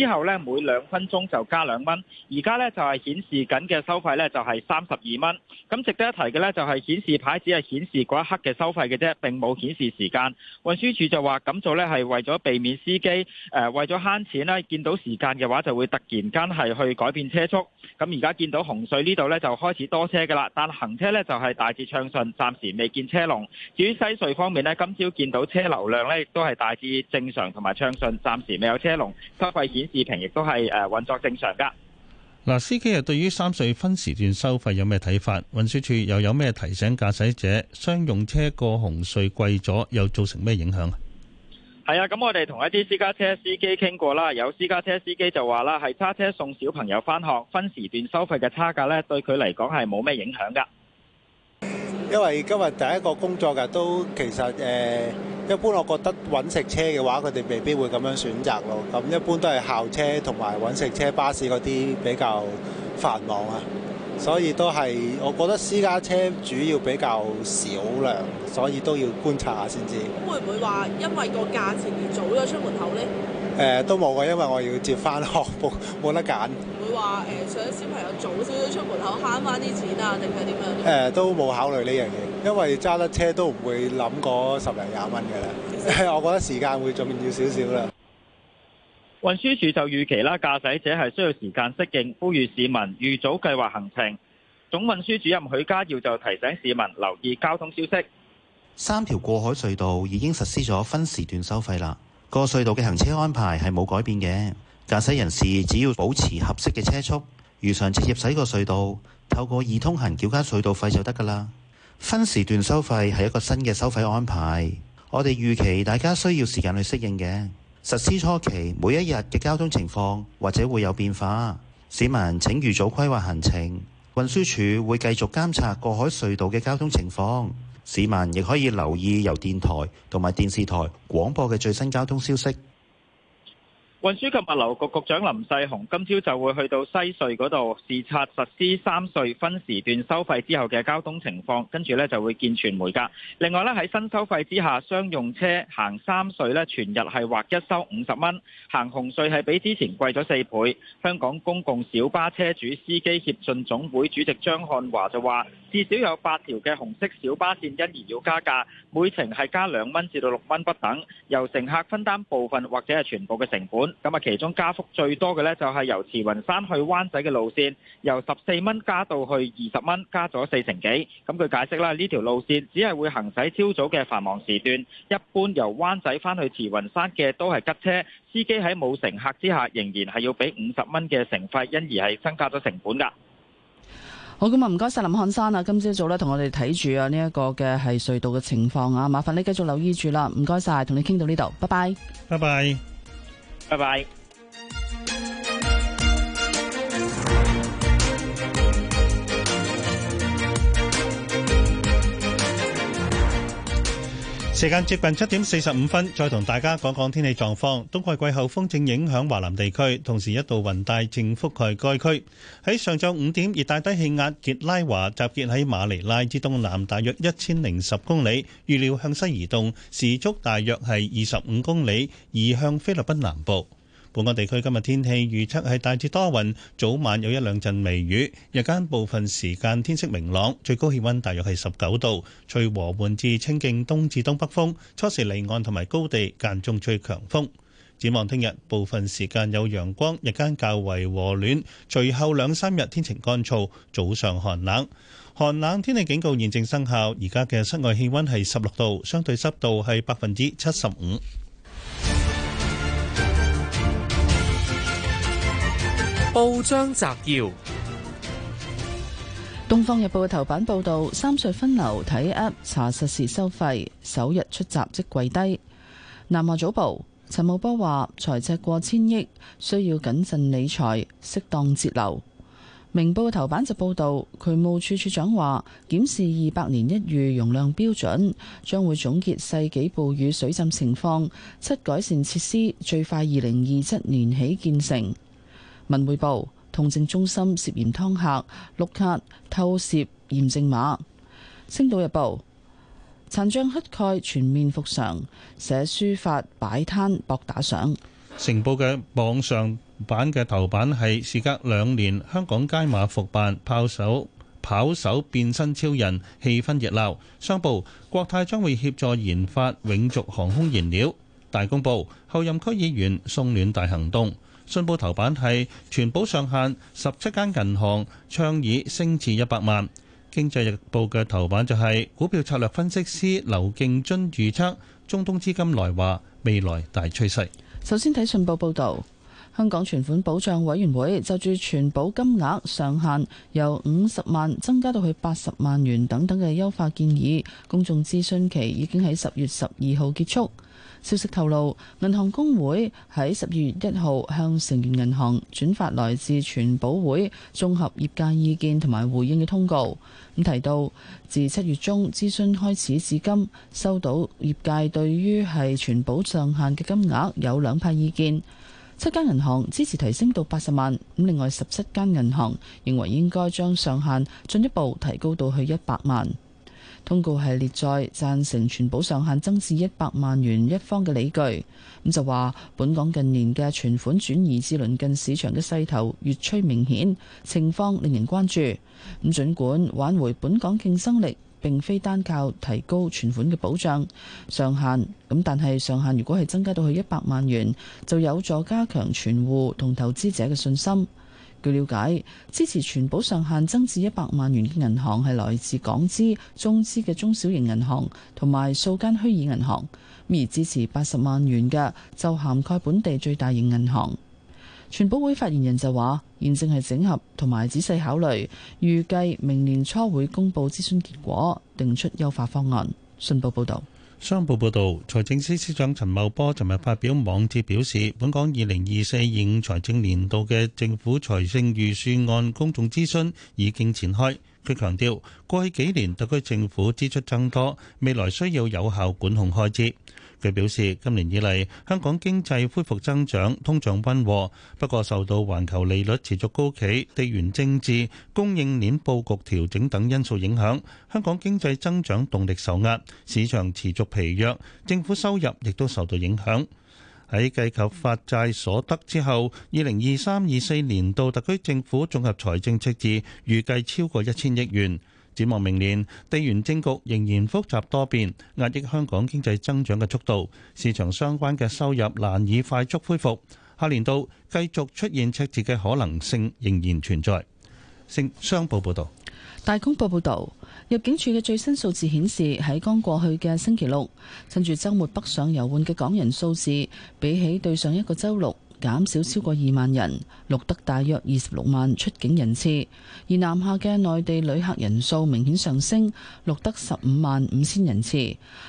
之後呢，每兩分鐘就加兩蚊，而家呢，就係顯示緊嘅收費呢，就係三十二蚊。咁值得一提嘅呢，就係顯示牌只係顯示嗰一刻嘅收費嘅啫，並冇顯示時間。運輸署就話咁做呢係為咗避免司機誒、呃、為咗慳錢呢，見到時間嘅話就會突然間係去改變車速。咁而家見到紅隧呢度呢，就開始多車噶啦，但行車呢，就係大致暢順，暫時未見車龍。至於西隧方面呢，今朝見到車流量呢，亦都係大致正常同埋暢順，暫時未有車龍。收費顯二平亦都係誒運作正常噶。嗱、啊，司機又對於三隧分時段收費有咩睇法？運輸署又有咩提醒駕駛者？商用車過紅隧貴咗，又造成咩影響啊？係啊，咁我哋同一啲私家車司機傾過啦。有私家車司機就話啦，係揸車送小朋友返學，分時段收費嘅差價呢，對佢嚟講係冇咩影響噶。因為今日第一個工作日都其實誒、呃，一般我覺得揾食車嘅話，佢哋未必會咁樣選擇咯。咁一般都係校車同埋揾食車、巴士嗰啲比較繁忙啊，所以都係我覺得私家車主要比較少量，所以都要觀察下先知。會唔會話因為個價錢而早咗出門口呢？誒都冇嘅，因為我要接翻學，冇冇得揀。唔會話、呃、想小朋友早少少出門口慳翻啲錢啊，定係點樣？誒、呃、都冇考慮呢樣嘢，因為揸得車都唔會諗過十零廿蚊嘅啦。其實 我覺得時間會重要少少啦。運輸署就預期啦，駕駛者係需要時間適應，呼籲市民預早計劃行程。總運輸主任許家耀就提醒市民留意交通消息。三條過海隧道已經實施咗分時段收費啦。個隧道嘅行車安排係冇改變嘅，駕駛人士只要保持合適嘅車速，如常直接駛過隧道，透過易通行繳交隧道費就得㗎喇。分時段收費係一個新嘅收費安排，我哋預期大家需要時間去適應嘅。實施初期，每一日嘅交通情況或者會有變化，市民請預早規劃行程。運輸署會繼續監察過海隧道嘅交通情況。市民亦可以留意由電台同埋電視台廣播嘅最新交通消息。運輸及物流局局長林世雄今朝就會去到西隧嗰度視察實施三隧分時段收費之後嘅交通情況，跟住咧就會見傳媒噶。另外咧喺新收費之下，商用車行三隧咧全日係劃一收五十蚊，行紅隧係比之前貴咗四倍。香港公共小巴車主司機協進總會主席張漢華就話。至少有八條嘅紅色小巴線因而要加價，每程係加兩蚊至到六蚊不等，由乘客分擔部分或者係全部嘅成本。咁啊，其中加幅最多嘅呢，就係由慈雲山去灣仔嘅路線，由十四蚊加到去二十蚊，加咗四成幾。咁佢解釋啦，呢條路線只係會行駛朝早嘅繁忙時段，一般由灣仔返去慈雲山嘅都係吉車，司機喺冇乘客之下仍然係要俾五十蚊嘅乘費，因而係增加咗成本噶。好，咁啊，唔該晒林漢山啊，今朝早呢同我哋睇住啊呢一個嘅，係隧道嘅情況啊，麻煩你繼續留意住啦，唔該晒，同你傾到呢度，拜拜，拜拜，拜拜。拜拜。時間接近七點四十五分，再同大家講講天氣狀況。冬季季候風正影響華南地區，同時一道雲帶正覆蓋該區。喺上晝五點，熱帶低氣壓傑拉華集結喺馬尼拉之東南，大約一千零十公里，預料向西移動，時速大約係二十五公里，移向菲律賓南部。本港地區今日天氣預測係大致多雲，早晚有一兩陣微雨，日間部分時間天色明朗，最高氣温大約係十九度，吹和緩至清勁東至東北風，初時離岸同埋高地間中吹強風。展望聽日部分時間有陽光，日間較為和暖，隨後兩三日天晴乾燥，早上寒冷。寒冷天氣警告現正生效，而家嘅室外氣温係十六度，相對濕度係百分之七十五。報章摘要：東方日報嘅頭版報道，三隧分流睇 app 查實時收費，首日出閘即跪低。南華早報陳茂波話，財赤過千億，需要謹慎理財，適當節流。明報嘅頭版就報道，渠務處處長話，檢視二百年一遇容量標準，將會總結世紀暴雨水浸情況，七改善設施最快二零二七年起建成。文匯報：同證中心涉嫌劏客、碌卡偷攝驗證碼。星島日報：殘障乞丐全面復常，寫書法擺攤博打賞。成報嘅網上版嘅頭版係時隔兩年香港街馬復辦，炮手跑手變身超人，氣氛熱鬧。商報：國泰將會協助研發永續航空燃料。大公報：候任區議員送暖大行動。信報頭版係存保上限，十七間銀行倡議升至一百萬。經濟日報嘅頭版就係股票策略分析師劉敬津預測中東資金來華未來大趨勢。首先睇信報報導，香港存款保障委員會就住存保金額上限由五十萬增加到去八十萬元等等嘅優化建議，公眾諮詢期已經喺十月十二號結束。消息透露，銀行公會喺十二月一號向成員銀行轉發來自存保會綜合業界意見同埋回應嘅通告，咁提到自七月中諮詢開始至今，收到業界對於係存保上限嘅金額有兩派意見，七間銀行支持提升到八十萬，咁另外十七間銀行認為應該將上限進一步提高到去一百萬。通告係列在贊成存保上限增至一百萬元一方嘅理據，咁就話本港近年嘅存款轉移至鄰近市場嘅勢頭越趨明顯，情況令人關注。咁儘管挽回本港競爭力並非單靠提高存款嘅保障上限，咁但係上限如果係增加到去一百萬元，就有助加強存戶同投資者嘅信心。據了解，支持存保上限增至一百萬元嘅銀行係來自港資、中資嘅中小型銀行同埋數間虛擬銀行，而支持八十萬元嘅就涵蓋本地最大型銀行。存保會發言人就話：現正係整合同埋仔細考慮，預計明年初會公布諮詢結果，定出優化方案。信報報道。商報報道，財政司司長陳茂波尋日發表網誌表示，本港2024年財政年度嘅政府財政預算案公眾諮詢已經展開。佢強調，過去幾年特區政府支出增多，未來需要有效管控開支。佢表示，今年以嚟香港經濟恢復增長通脹温和。不過受到環球利率持續高企、地緣政治、供應鏈布局調整等因素影響，香港經濟增長動力受壓市場持續疲弱，政府收入亦都受到影響。喺計及發債所得之後，二零二三、二四年度特區政府綜合財政赤字預計超過一千億元。展望明年，地緣政局仍然複雜多變，壓抑香港經濟增長嘅速度，市場相關嘅收入難以快速恢復。下年度繼續出現赤字嘅可能性仍然存在。成商報報道，大公報報道，入境處嘅最新數字顯示，喺剛過去嘅星期六，趁住週末北上遊玩嘅港人數字，比起對上一個週六，減少超過二萬人，錄得大約二十六萬出境人次；而南下嘅內地旅客人數明顯上升，錄得十五萬五千人次，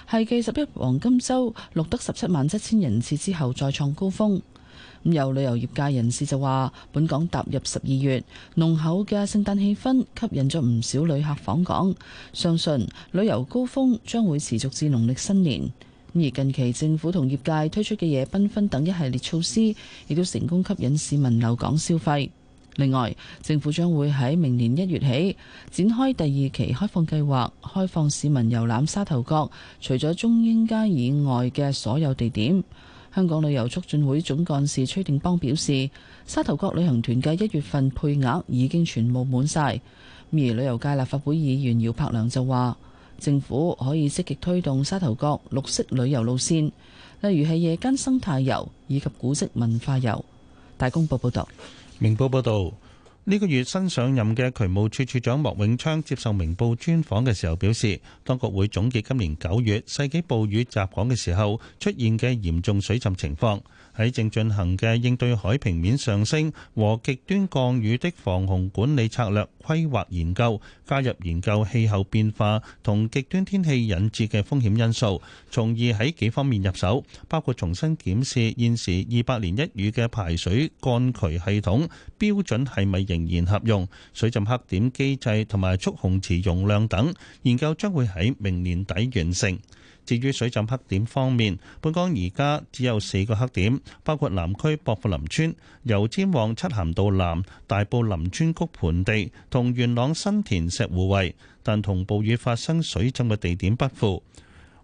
係繼十一黃金週錄得十七萬七千人次之後再創高峰。有旅遊業界人士就話：本港踏入十二月，濃厚嘅聖誕氣氛吸引咗唔少旅客訪港，相信旅遊高峰將會持續至農曆新年。而近期政府同業界推出嘅夜繽紛等一系列措施，亦都成功吸引市民留港消費，另外，政府將會喺明年一月起展開第二期開放計劃，開放市民遊覽沙頭角，除咗中英街以外嘅所有地點。香港旅遊促進會總幹事崔定邦表示，沙頭角旅行團嘅一月份配額已經全部滿晒，而旅遊界立法會議員姚柏良就話。政府可以積極推動沙頭角綠色旅遊路線，例如係夜間生態遊以及古色文化遊。大公報報道。明報報道，呢個月新上任嘅渠務處處長莫永昌接受明報專訪嘅時候表示，當局會總結今年九月世紀暴雨襲港嘅時候出現嘅嚴重水浸情況。喺正進行嘅應對海平面上升和極端降雨的防洪管理策略規劃研究，加入研究氣候變化同極端天氣引致嘅風險因素，從而喺幾方面入手，包括重新檢視現時二百年一遇嘅排水幹渠系統標準係咪仍然合用、水浸黑點機制同埋蓄洪池容量等。研究將會喺明年底完成。至於水浸黑點方面，本港而家只有四個黑點，包括南區薄扶林村、油尖旺漆咸道南、大埔林村谷盤地同元朗新田石湖圍，但同暴雨發生水浸嘅地點不符。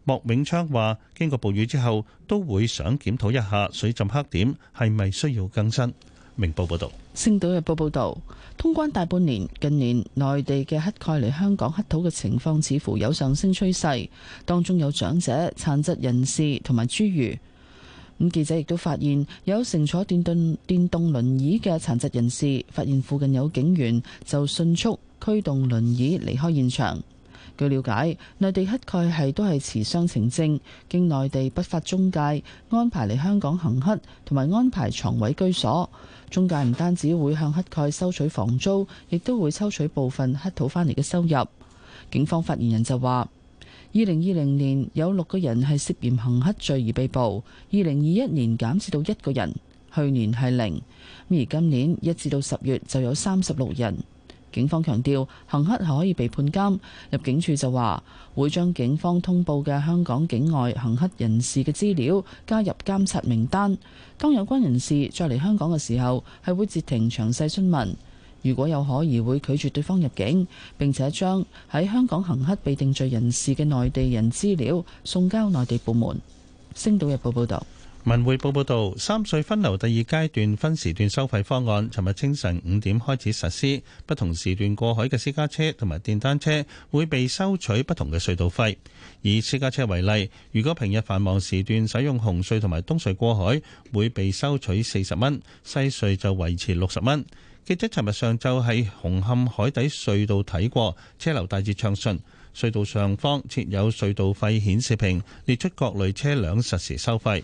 莫永昌話：經過暴雨之後，都會想檢討一下水浸黑點係咪需要更新。明報報道，《星島日報》報道，通關大半年，近年內地嘅乞丐嚟香港乞討嘅情況似乎有上升趨勢，當中有長者、殘疾人士同埋侏儒。咁記者亦都發現，有乘坐電動電動輪椅嘅殘疾人士，發現附近有警員，就迅速驅動輪椅離開現場。據了解，內地乞丐係都係持雙程證，經內地不法中介安排嚟香港行乞，同埋安排床位居所。中介唔單止會向乞丐收取房租，亦都會抽取部分乞討返嚟嘅收入。警方發言人就話：二零二零年有六個人係涉嫌行乞罪而被捕，二零二一年減少到一個人，去年係零，而今年一至到十月就有三十六人。警方強調，行乞可以被判監。入境處就話，會將警方通報嘅香港境外行乞人士嘅資料加入監察名單。當有關人士再嚟香港嘅時候，係會截停詳細詢問。如果有可疑，會拒絕對方入境。並且將喺香港行乞被定罪人士嘅內地人資料送交內地部門。星島日報報道。文匯報報道，三隧分流第二階段分時段收費方案，尋日清晨五點開始實施。不同時段過海嘅私家車同埋電單車會被收取不同嘅隧道費。以私家車為例，如果平日繁忙時段使用紅隧同埋東隧過海，會被收取四十蚊；西隧就維持六十蚊。記者尋日上晝喺紅磡海底隧道睇過，車流大致暢順。隧道上方設有隧道費顯示屏，列出各類車輛實時收費。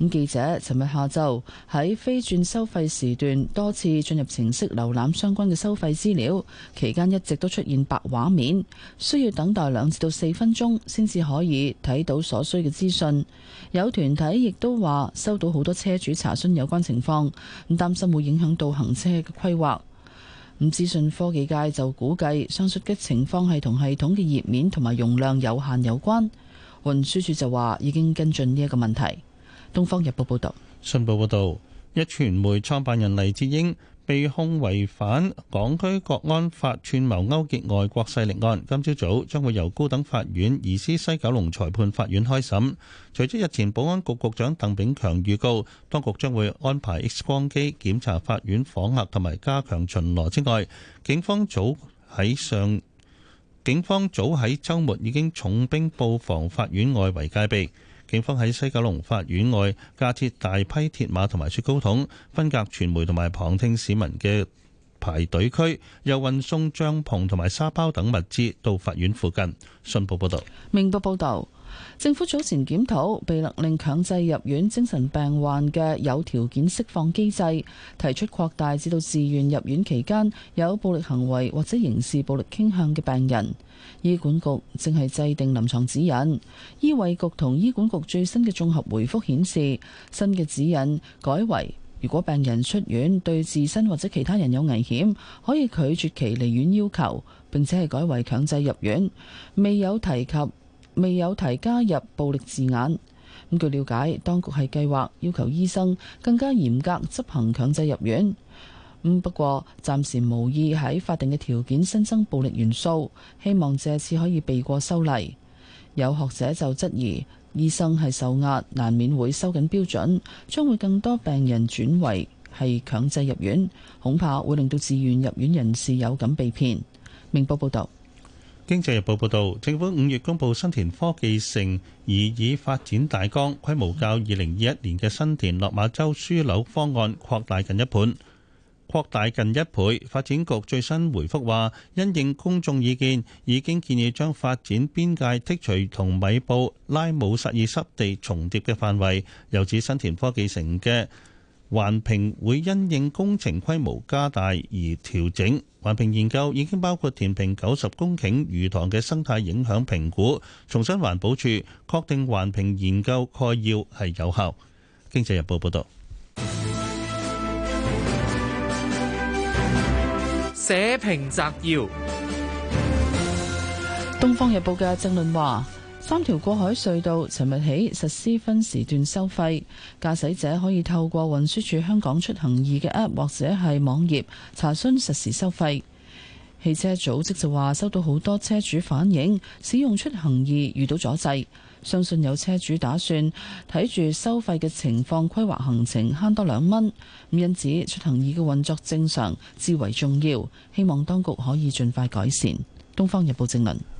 咁記者尋日下晝喺非轉收費時段多次進入程式瀏覽相關嘅收費資料，期間一直都出現白畫面，需要等待兩至到四分鐘先至可以睇到所需嘅資訊，有團體亦都話收到好多車主查詢有關情況，咁擔心會影響到行車嘅規劃，咁資訊科技界就估計上述嘅情況係同系統嘅頁面同埋容量有限有關，運輸署就話已經跟進呢一個問題。《東方日報》報導，《信報》報導，壹傳媒創辦人黎智英被控違反港區國安法串謀勾結外國勢力案，今朝早將會由高等法院移師西九龍裁判法院開審。除咗日前保安局局長鄧炳強預告，當局將會安排 X 光機檢查法院訪客，同埋加強巡邏之外，警方早喺上，警方早喺週末已經重兵佈防法院外圍戒備。警方喺西九龍法院外架設大批鐵馬同埋雪糕筒，分隔傳媒同埋旁聽市民嘅排隊區，又運送帳篷同埋沙包等物資到法院附近。信報報道，明報報道。政府早前檢討被勒令強制入院精神病患嘅有條件釋放機制，提出擴大至到自願入院期間有暴力行為或者刑事暴力傾向嘅病人。醫管局正係制定臨床指引。醫衛局同醫管局最新嘅綜合回覆顯示，新嘅指引改為，如果病人出院對自身或者其他人有危險，可以拒絕其離院要求，並且係改為強制入院，未有提及。未有提加入暴力字眼。咁據了解，當局係計劃要求醫生更加嚴格執行強制入院。咁、嗯、不過暫時無意喺法定嘅條件新增暴力元素，希望這次可以避過修例。有學者就質疑醫生係受壓，難免會收緊標準，將會更多病人轉為係強制入院，恐怕會令到自願入院人士有感被騙。明報報道。經濟日報報導，政府五月公布新田科技城擬議發展大綱，規模較二零二一年嘅新田落馬洲樞紐方案擴大近一倍。擴大近一倍，發展局最新回覆話，因應公眾意見，已經建議將發展邊界剔除同米埔拉姆薩爾濕地重疊嘅範圍，又指新田科技城嘅環評會因應工程規模加大而調整。環評研究已經包括填平九十公頃魚塘嘅生態影響評估。重新環保署確定環評研究概要係有效。經濟日報報導。社評摘要。《東方日報》嘅正論話。三條過海隧道，尋日起實施分時段收費，駕駛者可以透過運輸署香港出行易嘅 App 或者係網頁查詢實時收費。汽車組織就話收到好多車主反映，使用出行易遇到阻滯，相信有車主打算睇住收費嘅情況規劃行程慳多兩蚊。因此，出行易嘅運作正常至為重要，希望當局可以盡快改善。東方日報正文。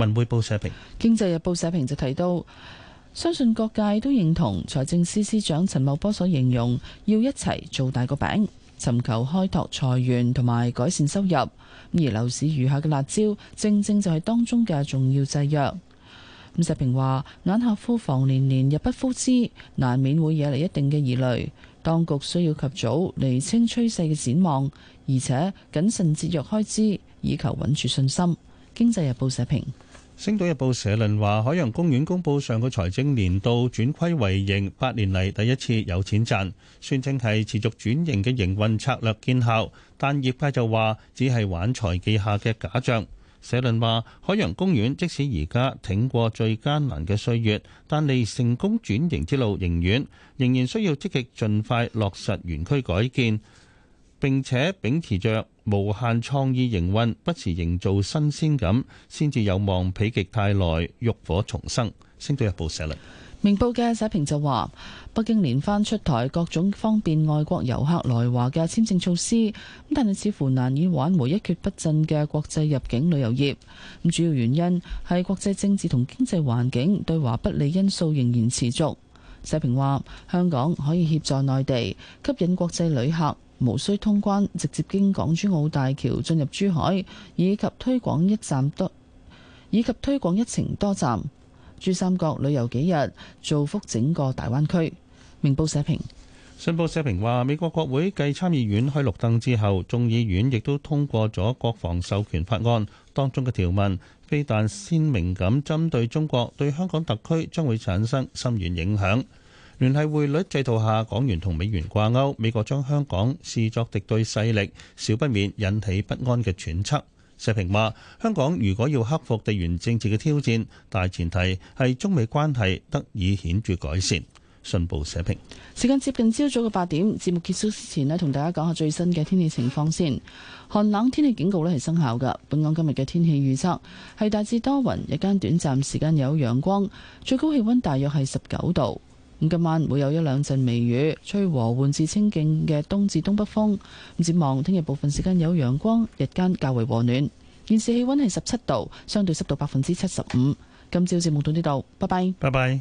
文匯報社評，經濟日報社評就提到，相信各界都認同財政司司長陳茂波所形容，要一齊做大個餅，尋求開拓財源同埋改善收入。而樓市餘下嘅辣椒，正正就係當中嘅重要制約。咁社評話，眼下庫房年年入不敷支，難免會惹嚟一定嘅疑慮。當局需要及早釐清趨勢嘅展望，而且謹慎節約開支，以求穩住信心。經濟日報社評。星島日報社論話：海洋公園公布上個財政年度轉虧為盈，八年嚟第一次有錢賺，宣稱係持續轉型嘅營運策略見效。但業界就話只係玩財技下嘅假象。社論話：海洋公園即使而家挺過最艱難嘅歲月，但離成功轉型之路仍遠，仍然需要積極盡快落實園區改建，並且秉持着。無限創意營運，不時營造新鮮感，先至有望否極泰來，浴火重生。星島日報社論。明報嘅社評就話：北京連番出台各種方便外國遊客來華嘅簽證措施，咁但係似乎難以挽回一蹶不振嘅國際入境旅遊業。咁主要原因係國際政治同經濟環境對華不利因素仍然持續。社評話：香港可以協助內地吸引國際旅客。無需通關直接經港珠澳大橋進入珠海，以及推廣一站多，以及推廣一程多站，珠三角旅遊幾日，造福整個大灣區。明報社評。信報社評話，美國國會繼參議院開綠燈之後，眾議院亦都通過咗國防授權法案，當中嘅條文非但鮮明咁針對中國，對香港特區將會產生深遠影響。聯繫匯率制度下，港元同美元掛鈎。美國將香港視作敵對勢力，少不免引起不安嘅揣測。社評話：香港如果要克服地緣政治嘅挑戰，大前提係中美關係得以顯著改善。信報社評。時間接近朝早嘅八點，節目結束之前咧，同大家講下最新嘅天氣情況先。寒冷天氣警告咧係生效嘅。本港今日嘅天氣預測係大致多雲，日間短暫時間有陽光，最高氣温大約係十九度。咁今晚會有一兩陣微雨，吹和緩至清勁嘅東至東北風。咁展望聽日部分時間有陽光，日間較為和暖。現時氣温係十七度，相對濕度百分之七十五。今朝節目到呢度，拜拜。拜拜。